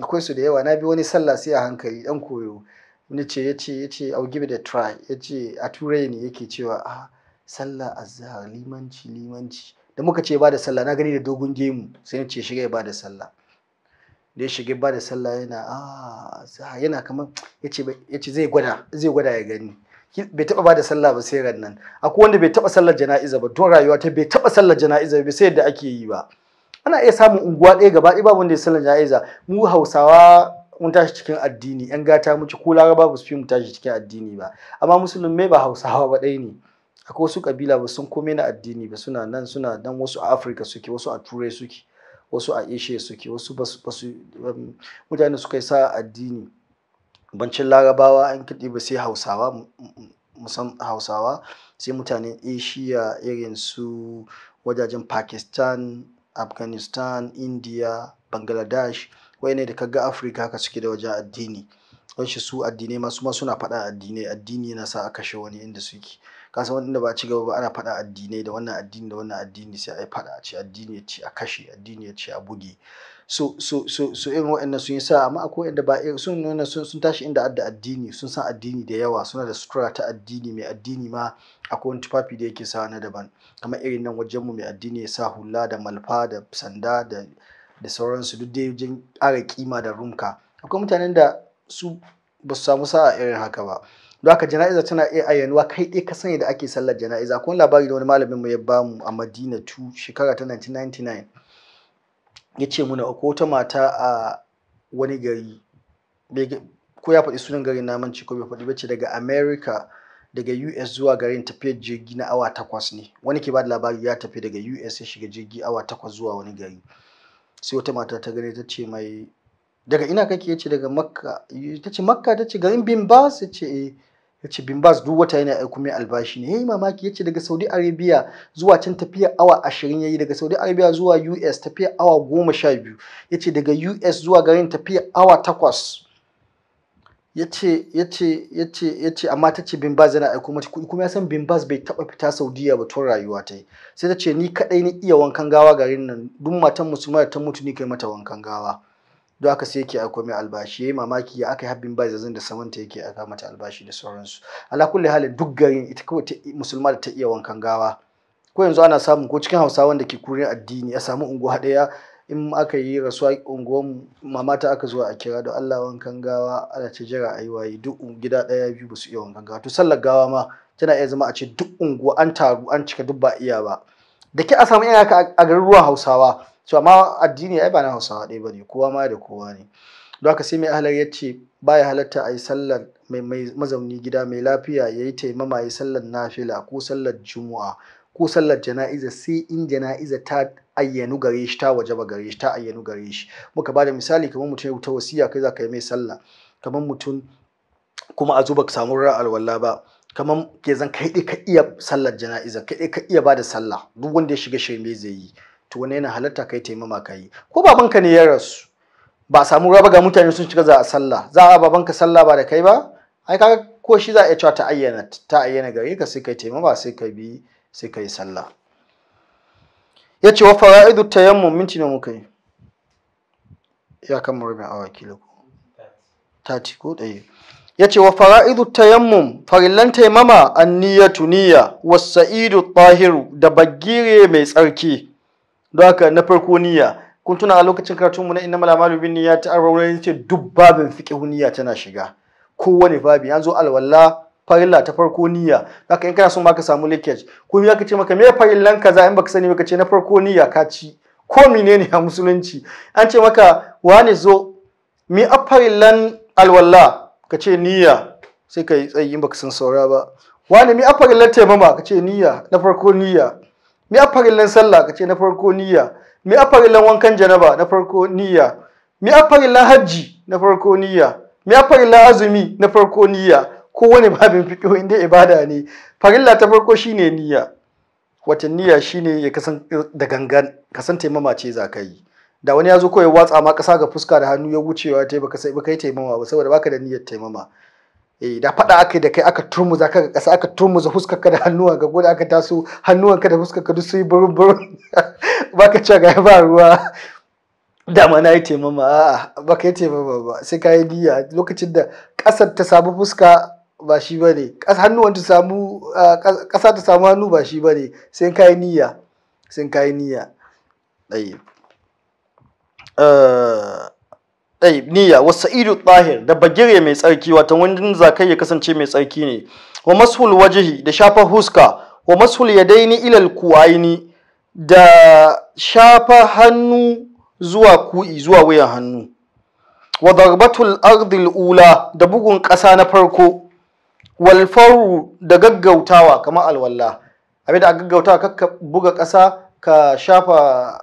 akwai su da yawa na bi wani sallah sai a hankali dan koyo wani ce yace yace au give it a try yace a turai ne yake cewa a ah, sallah azhar limanci limanci da muka ce ba da sallah na gani da dogon gemu sai ni ce shiga ya ba da sallah da ya shiga ba da sallah yana a ah, ah, yana kamar yace yace zai gwada zai gwada ya gani bai taba ba da sallah ba sai ran nan akwai wanda bai taba sallar jana'iza ba don rayuwa ta bai taba sallar jana'iza ba sai yadda ake yi ba ana iya samun unguwa ɗaya gaba ɗaya babu wanda ya sallar jana'iza mu hausawa mun tashi cikin addini yan gata muke ko lara ba su fi mu tashi cikin addini ba amma musulmai ba hausawa ba ɗaya ne akwai wasu kabila ba sun komai na addini ba suna nan suna dan wasu a afirka suke wasu a turai suke wasu a ishe suke wasu basu um, mutane suka yi sa addini bancin larabawa an kaɗi ba sai hausawa musam hausawa sai mutanen asia irin su wajajen pakistan afghanistan india bangladesh wai ne da kaga afirka haka suke da wajen addini don su addinai masu ma suna faɗa addinai addini yana sa a kashe wani inda suke kasa wanda ba ci gaba ba ana faɗa addinai da wannan addini da wannan addini sai a yi faɗa a ce addini ya ce a kashe addini ya ce a buge so so so so irin waɗannan sun yi sa amma akwai waɗanda ba sun wannan sun tashi inda adda addini sun san addini da yawa suna da sutura ta addini mai addini ma akwai wani tufafi da yake sa na daban kamar irin nan wajenmu mai addini ya sa hula da malfa da sanda da da sauransu duk dai wajen ƙara kima da rumka akwai mutanen da su ba su samu sa'a irin haka ba don haka jana'iza tana iya ayyanuwa kai ɗaya ka sani da ake sallar jana'iza kun labari da wani malamin mu ya bamu a madina tu shekara ta 1999 ya ce muna ko wata mata a wani gari ko ya faɗi sunan garin naman ci ko bai faɗi bace daga america daga us zuwa garin tafiyar jirgi na awa takwas ne wani ke ba da labari ya tafi daga us ya shiga jirgi awa takwas zuwa wani gari sai wata mata ta gane ta ce mai daga ina kake ya ce daga makka ta ce makka ta ce garin bin ba su ce eh ya ce bin bas duk wata yana aiko mai albashi ne yi mamaki ya daga saudi arabia zuwa can tafiya awa ashirin yayi daga saudi arabia zuwa us tafiya awa goma sha biyu daga us zuwa garin tafiya awa takwas yace amma ta ce bin bas yana aiko mata kuɗi kuma ya san bin bas bai taɓa fita saudiya ba tun rayuwa ta yi sai ta ce ni kaɗai ni iya wankan gawa garin nan duk matan musulma ta mutu ni kai mata wankan gawa don aka sai yake akwai mai albashi yayi mamaki ya aka yi habbin ba zazzan da samanta yake aka mata albashi da sauransu ala kulli halin duk garin ita kawai ta musulma da ta iya wankan gawa ko yanzu ana samun ko cikin hausa wanda ke kurin addini ya samu unguwa daya in aka yi rasuwa unguwar mamata aka zuwa a kira da Allah wankan gawa ana ce jira ayi waye duk gida daya biyu ba su iya wankan gawa to sallar gawa ma tana iya zama a ce duk unguwa an taru an cika duk ba iya ba da ke a samu iyaka a garin ruwan hausawa so amma addini ai ba na hausawa ɗaya ba ne kowa ma da kowa ne don haka sai mai ahalar ya ce baya halatta a yi sallar mai mazauni gida mai lafiya ya yi taimama ya yi sallar nafila ko sallar juma'a ko sallar jana'iza sai in jana'iza ta ayyanu gare shi ta waje ba gare shi ta ayyanu gare shi muka bada misali kamar mutum ya ta wasiya kai za ka yi mai sallah kamar mutum kuma a zo ka samu ra'ar alwala ba kamar ke zan kai ka iya sallar jana'iza kai ka iya bada sallah duk wanda ya shiga shirme zai yi to wani yana halatta kai taimama ka yi ko babanka ne ya rasu ba a samu raba ga mutane sun shiga za a sallah za a babanka sallah ba da kai ba ai kaga ko shi za a iya cewa ta ayyana ta ayyana gare ka sai kai taimama sai kai bi sai kai sallah Ya ce wa fara'idu tayammum minti ne muka yi ya kan murmin awa kila ko tati ko ɗaya Ya ce wa fara'idu ta tayammum farillan taimama an niyyatu niyya was sa'idu tahiru da bagire mai tsarki don haka na farko niyya kun tuna a lokacin karatunmu na innamal a'malu bin niyyati arwawai ce duk babin fiqhu niyya tana shiga kowane babi an zo alwala farilla ta farko niyya haka in kana son ma ka samu leakage ko ya ka ce maka me farillan kaza in baka sani ba ka ce na farko niyya ka ci ko menene a musulunci an ce maka wani zo me afarillan alwala ka ce niyya sai ka yi tsayi in baka san saura ba wani me afarillan taimama ka ce niyya na farko niyya me a farillan sallah ka ce na farko niyya me a farillan wankan janaba na farko niyya me a farillan hajji na farko niyya me a farillan azumi na farko niyya kowane babin fiqh inda ibada ne farilla ta farko shine niyya wata niyya shine ya kasan da gangan kasan taimama ce za ka yi da wani ya zo ko ya watsa ma kasa ga fuska da hannu ya wucewa ta ka sai baka kai taimama ba saboda baka da niyyar taimama eh da faɗa aka da kai aka turmuza ka ƙasa aka turmuza ka da hannuwa ka gudu aka taso ka da huskarka duk su yi burin Ba baka cewa ga ba ruwa dama na yi taimama a'a baka yi taimama ba sai ka yi niyya lokacin da ƙasar ta samu fuska ba shi ba ne hannuwan ta samu ƙasa ta samu hannu ba shi ba ne sai ka yi niyya sai ka yi niyya ɗaya ɗai niyya wa sa'idu tsahir da bagire mai tsarki wata wanda zakai ya kasance mai tsarki ne wa mashul wajihi da shafar huska wa mashul yadaini ilal ku'aini da shafa hannu zuwa ku'i zuwa wuyan hannu wa darbatul ardil ula da bugun ƙasa na farko walfaru da gaggautawa kamar alwala abinda a gaggautawa ka buga ƙasa ka shafa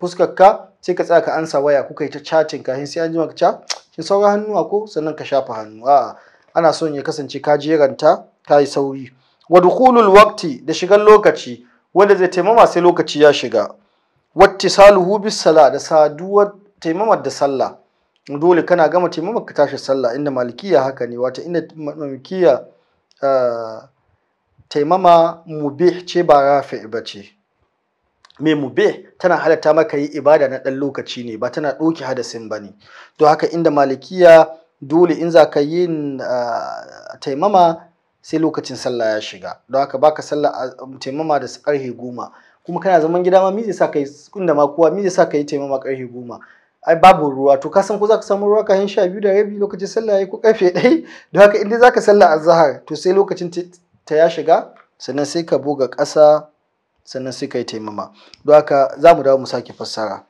fuskarka sai ka tsaya ka ansa waya kuka yi ta chatting kafin sai an ji ka ca ah, ki saura hannuwa ko sannan ka shafa hannu a'a ah, ana son ya kasance ka jeranta ka yi sauri wa dukhulul waqti da shigan lokaci wanda zai taimama sai lokaci ya shiga wattisaluhu bis sala da saduwar taimamar da sallah dole kana gama taimamar ka tashi sallah inda malikiya haka ne wata inda malikiya ah, taimama mubih ce ba rafi ba ce mai mube tana halatta maka yi ibada na ɗan lokaci ne ba tana ɗauki hadasin ba ne to haka inda malikiya dole in za ka yi taimama sai lokacin sallah ya shiga don haka baka sallah taimama da karhe goma kuma kana zaman gida ma mizi sa ka yi inda ma kowa mizi sa ka yi taimama karhe goma ai babu ruwa to ka san ko ka samu ruwa kayan sha biyu da rabi lokacin sallah yi ko karfe ɗaya don haka inda za ka sallah zahar to sai lokacin ta ya shiga sannan sai ka buga ƙasa sannan suka yi taimama don haka za mu dawo mu sake fassara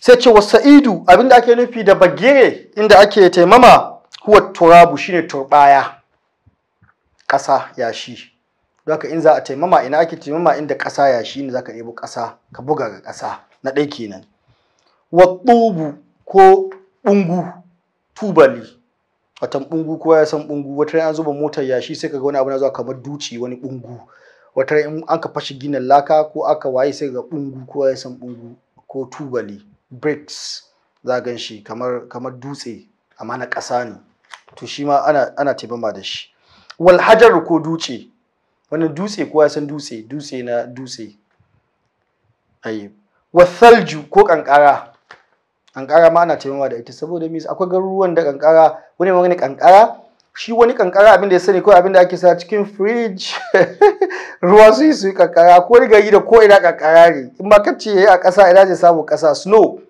sai ce wasa'idu abinda ake nufi da bagire inda ake taimama huwa turabu shine turbaya kasa yashi don haka in za a taimama ina ake taimama inda kasa yashi ne zaka ɗebo kasa ka buga ga ƙasa na ɗaya kenan wa ko bungu tubali watan bungu kowa ya san bungu wata an zuba motar yashi sai ka ga wani abu na zuwa kamar duci wani bungu wata in aka fashe ginin laka ko aka waye sai ga bungu ko ya san bungu ko tubali bricks za gan shi kamar kamar dutse amma na ƙasa ne to shi ma ana ana taimama da shi wal hajar ko dutse wani dutse ko ya san dutse dutse na dutse ayi wasalju ko kankara kankara ma ana taimama da ita saboda mis akwai garuruwan da kankara wani magani kankara shi wani kankara abin da ya sani kawai abin da ake sa cikin fridge ruwa su yi su yi kankara ko ni gari da ko ina kankara ne in ma ya yi a ƙasa ina zai samu ƙasa snow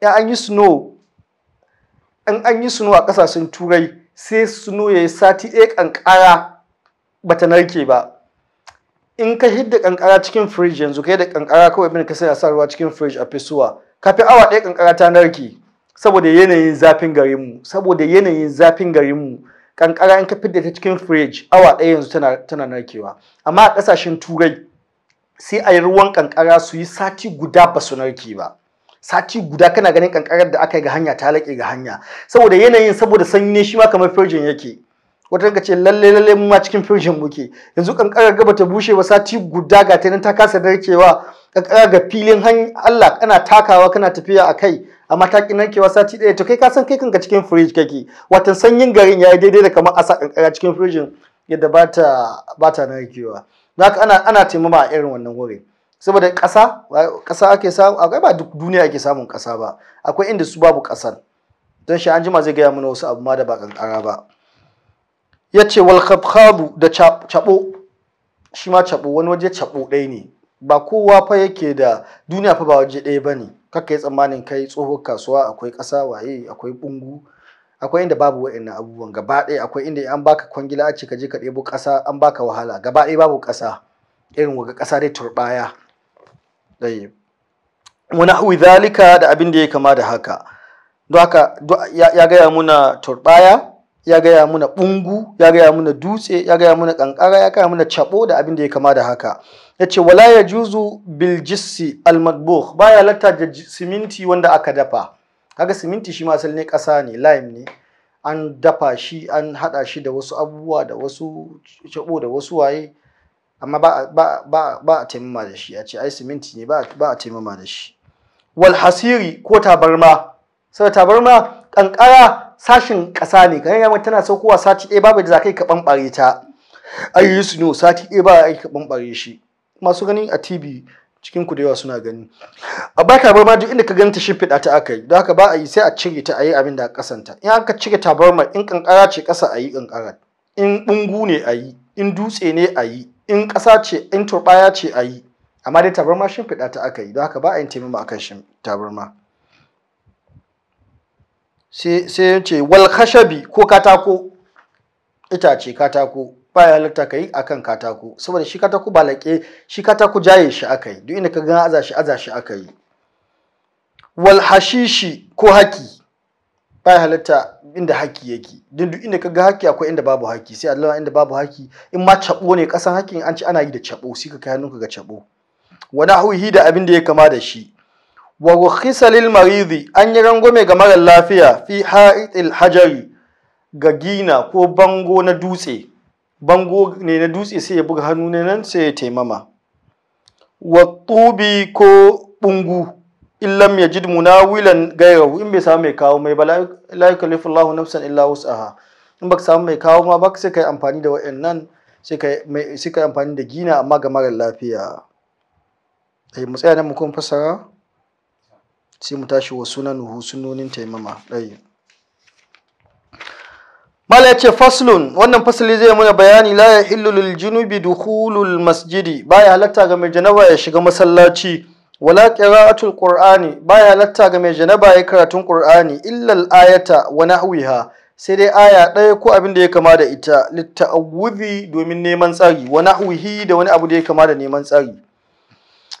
ya an yi snow an an yi snow a ƙasashen turai sai snow yi sati ɗaya kankara ta narke ba in ka hidda kankara cikin fridge yanzu kai da kankara kawai abin da ka sai a sa ruwa cikin fridge a fesuwa kafin awa ɗaya kankara ta narke saboda yanayin zafin garinmu saboda yanayin zafin garinmu kankara in ka fidda ta cikin fridge awa ɗaya yanzu tana tana narkewa amma a ƙasashen turai sai a yi ruwan kankara su yi sati guda ba su narke ba sati guda kana ganin kankarar da aka yi ga hanya ta laƙe ga hanya saboda yanayin saboda sanyi ne shi ma kamar firjin yake wata ka ce lalle lalle mu ma cikin firjin muke yanzu kankarar gaba ta bushe ba sati guda ga ta ta kasa narkewa kankara ga filin hanya Allah kana takawa kana tafiya a kai a matakin narkewa sati ɗaya to kai ka san kai kanka cikin firij kake watan sanyin garin ya yi daidai da kamar a kankara cikin firijin yadda bata ta ba kewa. haka ana ana taimama a irin wannan wuri saboda ƙasa ƙasa ake samu akwai ba duk duniya ake samun ƙasa ba akwai inda su babu ƙasan don shi anjima zai gaya mana wasu abu ma da ba kankara ba ya ce wal khabkhabu da cabo shi ma cabo wani waje cabo ɗaya ne ba kowa fa yake da duniya fa ba waje ɗaya ba ne kakka yi tsammanin kai tsohon kasuwa akwai ƙasa waye akwai bungu akwai inda babu waɗannan abubuwan gaba ɗaya akwai inda an baka kwangila a ce ka je ka ɗebo ƙasa an baka wahala gaba ɗaya babu ƙasa irin waga ƙasa dai turɓaya ɗaya wani hawi zalika da abin da ya kama da haka ya gaya muna turɓaya ya gaya muna ɓungu ya gaya muna dutse ya gaya muna ƙanƙara ya gaya muna caɓo da abin da ya kama da haka yace wala ya bil jissi al ba baya latta da siminti wanda aka dafa kaga siminti shi ma asali ne kasa ne lime ne an dafa shi an hada shi da wasu abubuwa da wasu cabo da wasu waye amma ba a taimama da shi a ce ai siminti ne ba a taimama da shi wal hasiri ko tabarma sau tabarma kankara sashin ƙasa ne kan yamma tana saukowa sati ɗaya babu da za ka yi kaɓan ɓanɓare ta ayyusu sati ɗaya ba a yi ka ɓanɓare shi masu gani a tv cikin ku da yawa suna gani a baka tabarma duk inda ka ganta fida ta aka yi don haka ba a yi sai a cire ta a yi abin da a kasanta in aka cire tabarma in kankara ce ƙasa a yi kankara in bungu ne a yi in dutse ne a yi in ƙasa ce in turɓaya ce a yi amma dai tabarma fida ta aka don haka ba a yin taimama akan tabarma sai sai ce wal khashabi ko katako itace katako ba ya halatta ka yi a kan katako saboda shi katako ba laƙe shi katako jaye shi aka yi duk inda ka gan aza shi shi aka yi wal hashishi ko haki ba ya halatta inda haki yake duk duk inda ka ga haki akwai inda babu haki sai Allah inda babu haki in ma cabo ne kasan hakin an ci ana yi da cabo sai ka kai hannunka ga cabo wani nahwihi da abin da ya kama da shi wa rukhisa lil maridi an yi rangwame ga marar lafiya fi ha'itil hajari ga gina ko bango na dutse bango ne na dutse sai ya buga hannu ne nan sai ya taimama Wa tubi ko bungu illam yajid munawilan gairahu in bai samu mai kawo mai ba la yukallifu Allah nafsan illa wus'aha in baka samu mai kawo ma baka sai kai amfani da wayannan sai kai mai sai kai amfani da gina amma ga mara lafiya Ai eh, mu tsaya nan mu kuma fasara sai mu tashi wa sunanuhu sunonin taimama ɗaya mala ya ce faslun wannan fasali zai mana bayani la ya lil junubi dukhulul masjidi baya halatta ga mai janaba ya shiga masallaci wala qira'atul qur'ani baya halatta ga mai janaba ya karatun qur'ani illal ayata wa nahwiha sai dai aya ɗaya ko abin da ya kama da ita litta'awudhi domin neman tsari wa nahwihi da wani abu da ya kama da neman tsari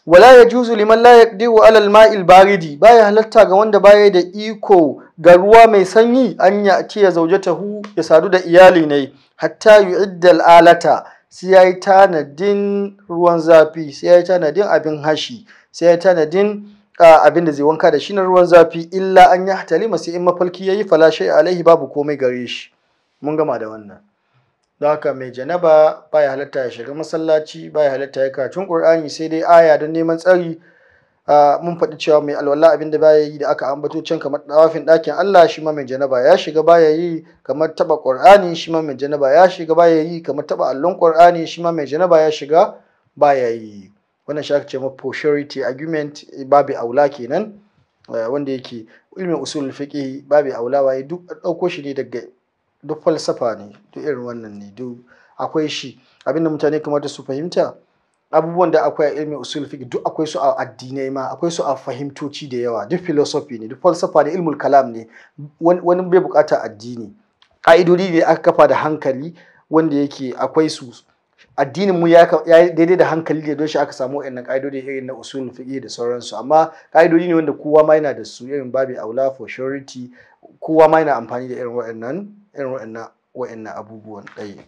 wala ya juzu liman la yaqdiru wa alal mail baridi baya halatta ga wanda baya da iko ga ruwa mai sanyi an ya ce ya hu ya sadu da iyali ne hatta yu'idda al-alata sai yi tanadin ruwan zafi sai yi tanadin abin hashi sai yi tanadin abin da zai wanka da shi na ruwan zafi illa an ya hatalima sai in mafalki yayi fala shay alaihi babu komai gare shi mun gama da wannan don haka mai janaba ba ya halatta ya shiga masallaci ba ya halatta ya kacin ƙur'ani sai dai aya don neman tsari mun faɗi cewa mai alwala abin da baya yi da aka ambato can kamar dawafin ɗakin Allah shi ma mai janaba ya shiga baya yi kamar taɓa ƙur'ani shi ma mai janaba ya shiga baya yi kamar taɓa allon ƙur'ani shi ma mai janaba ya shiga baya yi wannan shi aka ce ma posurity argument babu aula kenan eh, wanda yake ilmin usulul fiqh babu aula waye duk ɗauko shi ne daga duk falsafa ne duk irin wannan ne duk akwai shi abinda mutane kamata su fahimta abubuwan da akwai a ilmi usul fiqh duk akwai su a addinai ma akwai su a fahimtoci da yawa duk filosofi ne duk falsafa ne ilmul kalam ne wani bai bukata addini ka'idodi ne aka kafa da hankali wanda yake akwai su addinin mu ya daidai da hankali da don shi aka samu wa'annan ka'idodi irin na usul fiqh da sauransu amma ka'idodi ne wanda kowa ma yana da su irin babu aula for surety kowa ma yana amfani da irin wa'annan irin wa'annan abubuwan ɗaya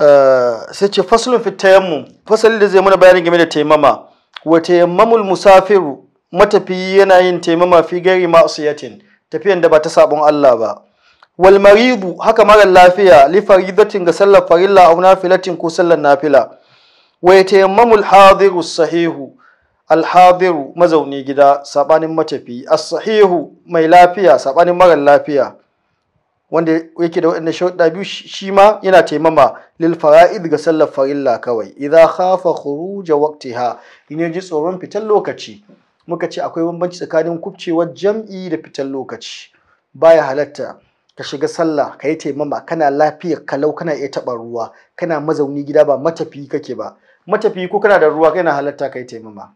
eh, sai ce faslun fi tayammum fasalin da zai muna bayanin game da taimama wa taimamul musafiru matafiyi yana yin taimama fi gari ma'asiyatin tafiyan da ba ta sabon Allah ba wal maridu haka mara lafiya li faridatin ga sallar farilla a nafilatin ko sallar nafila wa taimamul hadiru sahihu alhadiru mazauni gida sabanin matafi Asahihu, mai lafiya sabanin mara lafiya wanda yake da waɗannan sharuɗa biyu shi ma yana taimama lil fara'id ga sallar farilla kawai idza khafa khuruja waqtiha in yaji tsoron fitan lokaci muka ce akwai bambanci tsakanin kubcewar jam'i da fitan lokaci baya halatta ka shiga sallah ka yi taimama kana lafiyar kalau kana iya taɓa ruwa kana mazauni gida ba matafi kake ba matafi ko kana da ruwa kana halatta ka yi taimama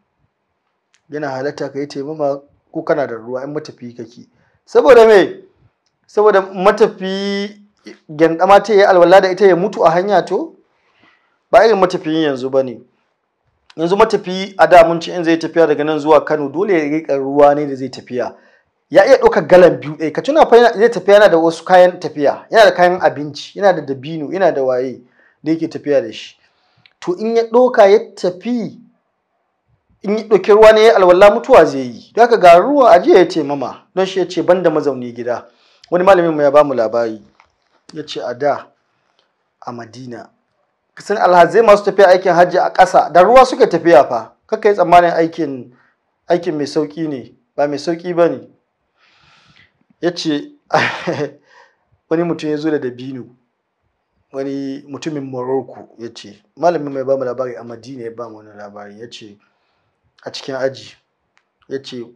yana halatta ka yi taimama ko kana da ruwa in matafi kake saboda me saboda matafi gyandama ta yi alwala da ita ya mutu a hanya to ba irin matafiyin yanzu ba ne yanzu matafi a da ci in zai tafiya daga nan zuwa kano dole ya riƙa ruwa ne da zai tafiya ya iya ɗaukar galan biyu ɗaya ka tuna fa zai tafiya yana da wasu kayan tafiya yana da kayan abinci yana da dabino yana da waye da yake tafiya da shi to in ya ɗauka ya tafi in yi ɗauki ruwa ne alwala mutuwa zai yi da haka ga ruwa a jiya ya ce mama don shi ya ce ban da mazauni gida wani malamin mu ya mu labari ya ce a da a madina kasan alhazai masu tafiya aikin hajji a ƙasa da ruwa suka tafiya fa kaka yi tsammanin aikin aikin mai sauƙi ne ba mai sauƙi ba ne ya ce wani mutum ya zo da dabino wani mutumin morocco ya ce malamin mai mu labari a madina ya bamu wani labari ya ce a cikin aji ya ce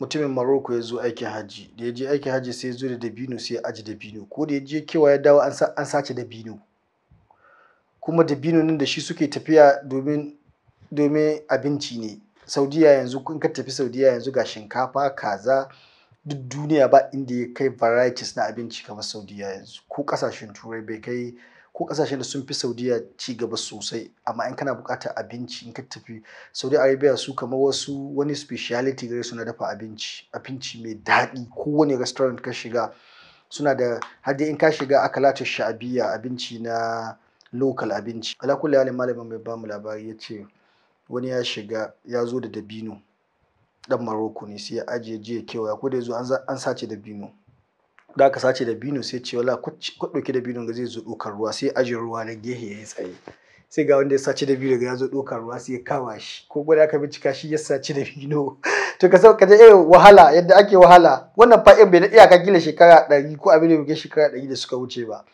mutumin maroko ya zo aikin hajji da ya je aikin hajji sai ya zo da dabino sai ya aji dabino ko da ya je kewa ya dawo an sace dabino kuma dabino nan da shi suke tafiya domin abinci ne saudiya yanzu kun ka tafi saudiya yanzu ga shinkafa kaza duk duniya ba inda ya kai varieties na abinci kamar saudiya yanzu ko kasashen turai bai kai ko kasashen da sun fi saudiya ci gaba sosai amma in kana buƙatar abinci in ka tafi saudi arabia su kamar wasu wani speciality gare suna dafa abinci abinci mai daɗi kowane restaurant ka shiga suna da har dai in ka shiga aka akalatu sha'abiya abinci na local abinci ala kulli malamin mai bamu labari ya ce wani ya shiga ya zo da dabino dan maroko ne sai ya ajiye jiya kewaya ko da yazo an sace dabino da aka sace da bino sai ce wala ku ke da bino ga zai zo ɗaukar ruwa sai ajin ruwa na gehe ya yi tsaye sai ga wanda ya sace da bino ga ya zo ɗaukar ruwa sai ya kama shi ko gwada aka bincika shi ya sace da bino to ka sauka da eh wahala yadda ake wahala wannan fa'in bai na iyaka gila shekara ɗari ko abin da bai shekara ɗari da suka wuce ba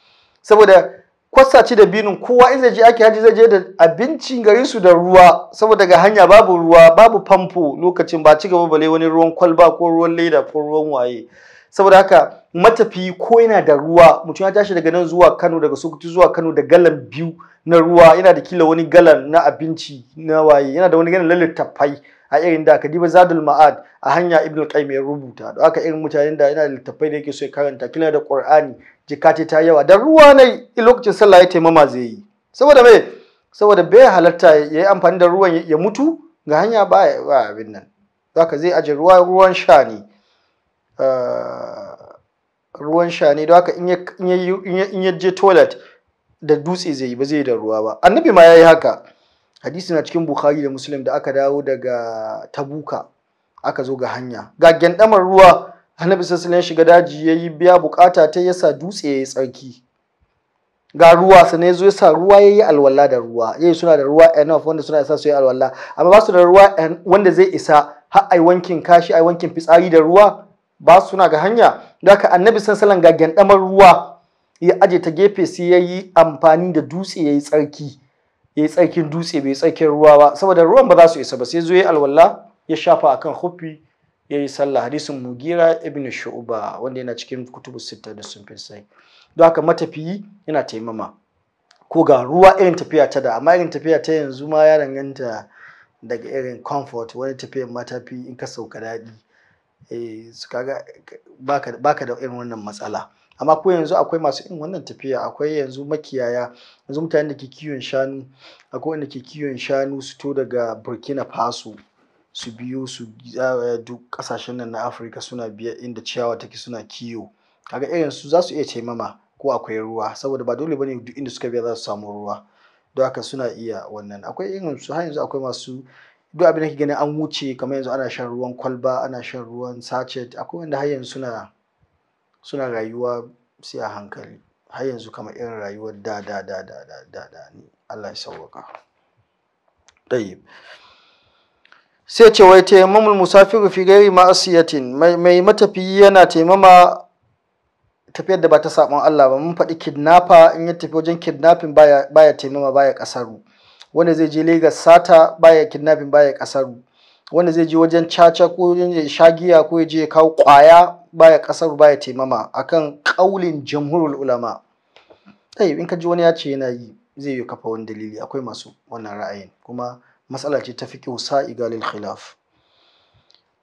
saboda kwasa ce da binin kowa in zai je ake haji zai je da abincin garin su da ruwa saboda ga hanya babu ruwa babu famfo lokacin ba ci gaba bale wani ruwan kwalba ko ruwan leda ko ruwan waye saboda haka matafi ko yana da ruwa mutum ya tashi daga nan zuwa Kano daga Sokoto zuwa Kano da galan biyu na ruwa yana da kila wani galan na abinci na waye yana da wani galan littattafai a irin da aka diba zadul ma'ad a hanya ibn qayyim ya rubuta da aka irin mutane da yana da littattafai da yake so ya karanta kila da qur'ani jikati ta yawa da ruwa ne lokacin sallah ya taimama zai yi saboda me saboda bai halatta ya yi amfani da ruwan ya mutu ga hanya ba abin nan zaka zai aje ruwa ruwan sha ne Eh, ruwan sha ne don haka in ya je toilet da dutse zai yi ba zai da ruwa ba annabi ma ya yi haka hadisi na cikin bukhari da muslim da aka dawo daga tabuka aka zo ga hanya ga gyandamar ruwa annabi sassalin shiga daji ya yi biya bukata ta yasa dutse ya tsarki ga ruwa sannan ya zo yasa ruwa ya yi alwala da ruwa ya suna da ruwa enough wanda suna isa su yi alwala amma ba su da ruwa wanda zai isa har ai wankin kashi ai wankin fitsari da ruwa ba suna ga hanya da haka annabi sallallahu ga gyandamar ruwa ya aje ta gefe sai ya yi amfani da dutse ya yi tsarki ya yi tsarkin dutse bai tsarkin ruwa ba saboda ruwan ba za su isa ba sai zo ya alwala ya shafa akan hufi ya yi sallah hadisin mugira ibn shu'ba wanda yana cikin kutubu sita da sun sai don haka matafiyi yana taimama ko ga ruwa irin tafiya ta da amma irin tafiya ta yanzu ma ya danganta daga irin comfort wani tafiyan matafi in ka sauka daɗi Eh, su kaga baka ka da irin wannan matsala amma ko yanzu akwai masu irin wannan tafiya akwai yanzu makiyaya yanzu mutane da ke kiwon shanu akwai wanda ke kiwon shanu su to daga burkina faso su biyo su eh, duk kasashen nan na afirka suna biya inda ciyawa take suna kiwo kaga irin su za su iya taimama ko akwai ruwa saboda ba dole bane duk inda suka biya za su samu ruwa don haka suna iya wannan akwai irin su har yanzu akwai masu duk abin da ke gani an wuce kamar yanzu ana shan ruwan kwalba ana shan ruwan sachet akwai wanda har yanzu suna suna rayuwa sai a hankali har yanzu kamar irin rayuwar da da da da da da da ne Allah ya sauwaka tayyib sai ce wai tayammamul musafiru fi gairi ma'asiyatin mai matafiyi yana taimama tafiyar da ba ta saɓon Allah ba mun faɗi kidnapper in ya tafi wajen kidnapping baya baya taimama baya kasaru wanda zai je Legas sata baya kidnapping baya kasaru wanda zai je wajen caca ko wajen shagiya ko ya je ya kawo kwaya baya kasar baya taimama akan kaulin jamhurul ulama tai in ka ji wani ya ce yana yi zai yi kafa wani dalili akwai masu wannan ra'ayin kuma matsala ce ta fiqhu sa'igalil khilaf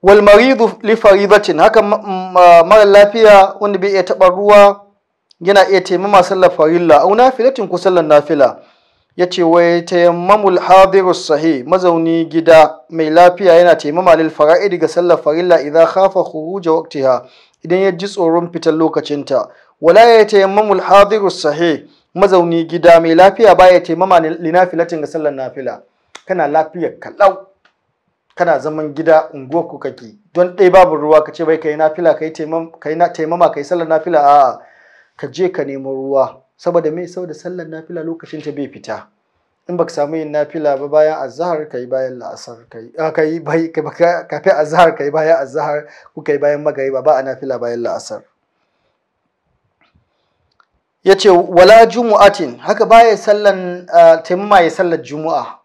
wal marid li faridatin haka mara lafiya wanda bai iya taɓa ruwa yana iya taimama sallar farilla au nafilatin ko sallar nafila ya ce wai ta tayammamul hadirus sahi mazauni gida mai lafiya yana taimama lil fara'id ga sallar farilla idza khafa khuruj waqtiha idan ya ji tsoron fitar lokacinta wala ya tayammamul hadirus sahi mazauni gida mai lafiya baya taimama linafilatin ga sallar nafila kana lafiya kalau kana zaman gida unguwar ku kake don ɗaya babu ruwa ka ce bai kai nafila kai taimama kai sallar nafila a'a ka je ka nemi ruwa saboda sau saboda sallar nafila lokacin ta bai fita in baka samu yin nafila ba bayan azhar kai bayan la'asar kai ah, kai bai kafi azhar kai bayan azhar ku kai bayan magariba ba a nafila bayan la'asar yace wala jumu'atin haka baya sallan ah, taimama ya sallar jumu'a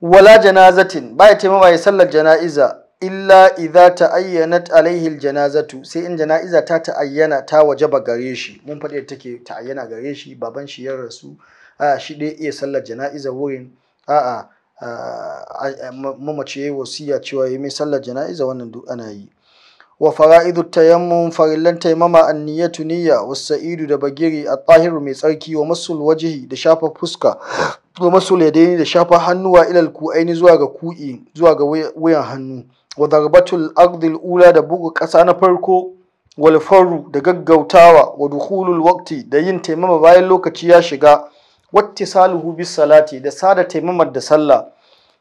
wala janazatin baya taimama ya sallar jana'iza illa idza ta'ayyanat alaihi aljanazatu sai in jana'iza ta ta'ayyana ta wajaba gare shi mun faɗi take ta'ayyana gare shi baban shi ya rasu a shi dai iya sallar jana'iza wurin a'a mamaci ya wasiya cewa ya mai sallar jana'iza wannan duk ana yi wa fara'idu tayammum farillan taimama anniyatu niyya Sa'idu da bagiri a tahiru mai tsarki wa masul wajihi da shafa fuska wa masul yadaini da shafa hannuwa ilal ku'aini zuwa ga ku'i zuwa ga wuyan hannu wa darbatul ardil ula da bugu ƙasa na farko wal da gaggautawa wa dukhulul waqti da yin taimama bayan lokaci ya shiga wattisaluhu bis salati da sada taimamar da sallah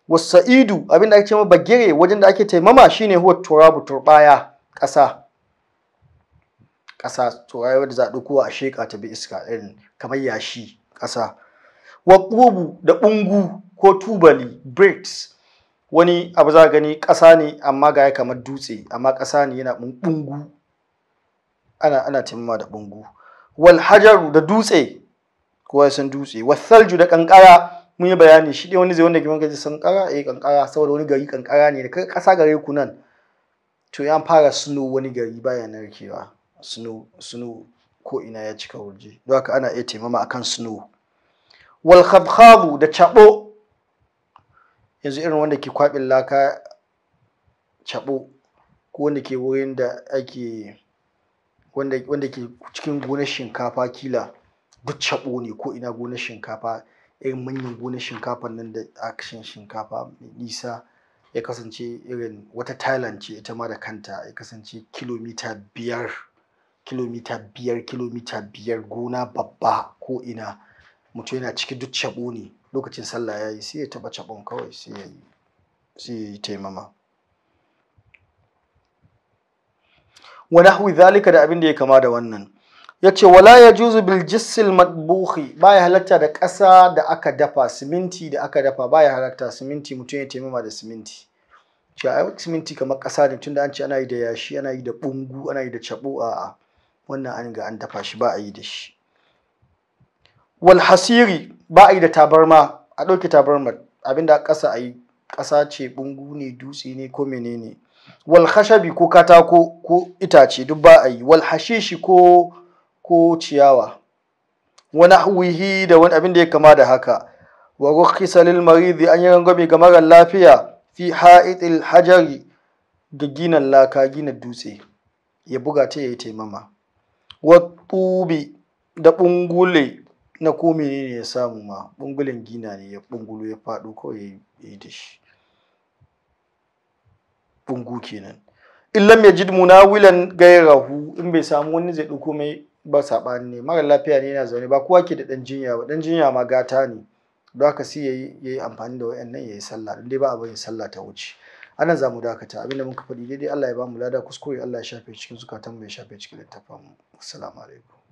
was sa'idu abinda ake cewa bagire wajen da ake taimama shine huwa turabu turbaya ƙasa ƙasa turaya wadda za a a sheƙa ta bi iska irin kamar yashi ƙasa wa da ɓungu ko tubali bricks wani abu za gani ƙasa ne amma ga ya kamar dutse amma ƙasa ne yana bungu ana ana da bungu wal hajaru da dutse kowa san dutse wal ju da kankara mun yi bayani shi dai wani zai wanda kiman kaji kankara eh kankara saboda wani gari kankara ne da ƙasa gare ku nan to ya fara snow wani gari baya narkewa snow snow ko ina ya cika wurje don haka ana iya taimama akan snow wal khabkhabu da chabo yanzu irin wanda ke kwaɓin laka caɓo ko wanda ke wurin da ake wanda ke cikin gonar shinkafa kila duk caɓo ne ko ina gonar shinkafa irin manyan gonar shinkafa nan da akshin shinkafa nisa ya kasance irin wata thailand ce ita ma da kanta ya kasance kilomita biyar kilomita biyar kilomita biyar gona babba ko ina mutum yana cikin duk caɓo ne lokacin sallah ya yi sai ya taba cabon kawai sai ya yi taimama wa nahwi zalika da abin da ya kama da wannan ya ce wala ya juzu bil jissil matbuhi ya halatta da ƙasa da aka dafa siminti da aka dafa ba ya halatta siminti mutum ya taimama da siminti ce a siminti kamar ƙasa ne tunda an ce ana yi da yashi ana yi da bungu ana yi da caɓo a wannan an ga an dafa shi ba a yi da shi Walhasiri ba a yi da tabarma a ɗauke tabarmar abinda ƙasa a yi ƙasa ce ɓungu ne dutse ne ko menene walhashabi ko katako ko itace duk ba a yi walhashishi ko ko ciyawa wani wihi da wani abin da ya kama da haka wa rukhisa lil maridi an yi rangwame ga mara lafiya fi ha'itil hajari ga ginan laka gina dutse ya buga ta ya yi taimama wa tubi da bungule na ko ne ya samu ma bungulen gina ne ya bungulo ya faɗo kawai ya yi da shi bungu kenan in lam yajid munawilan gairahu in bai samu wani zai ɗauko mai ba saɓani ne mara lafiya ne yana zaune ba kowa ke da ɗan jinya ba ɗan jinya ma gata ne don haka sai yayi yayi amfani da wayannan yayi sallah dai ba a barin sallah ta wuce anan zamu dakata abinda muka faɗi daidai Allah ya ba lada kuskure Allah ya shafe cikin zukatan mu ya shafe cikin littafin mu assalamu alaikum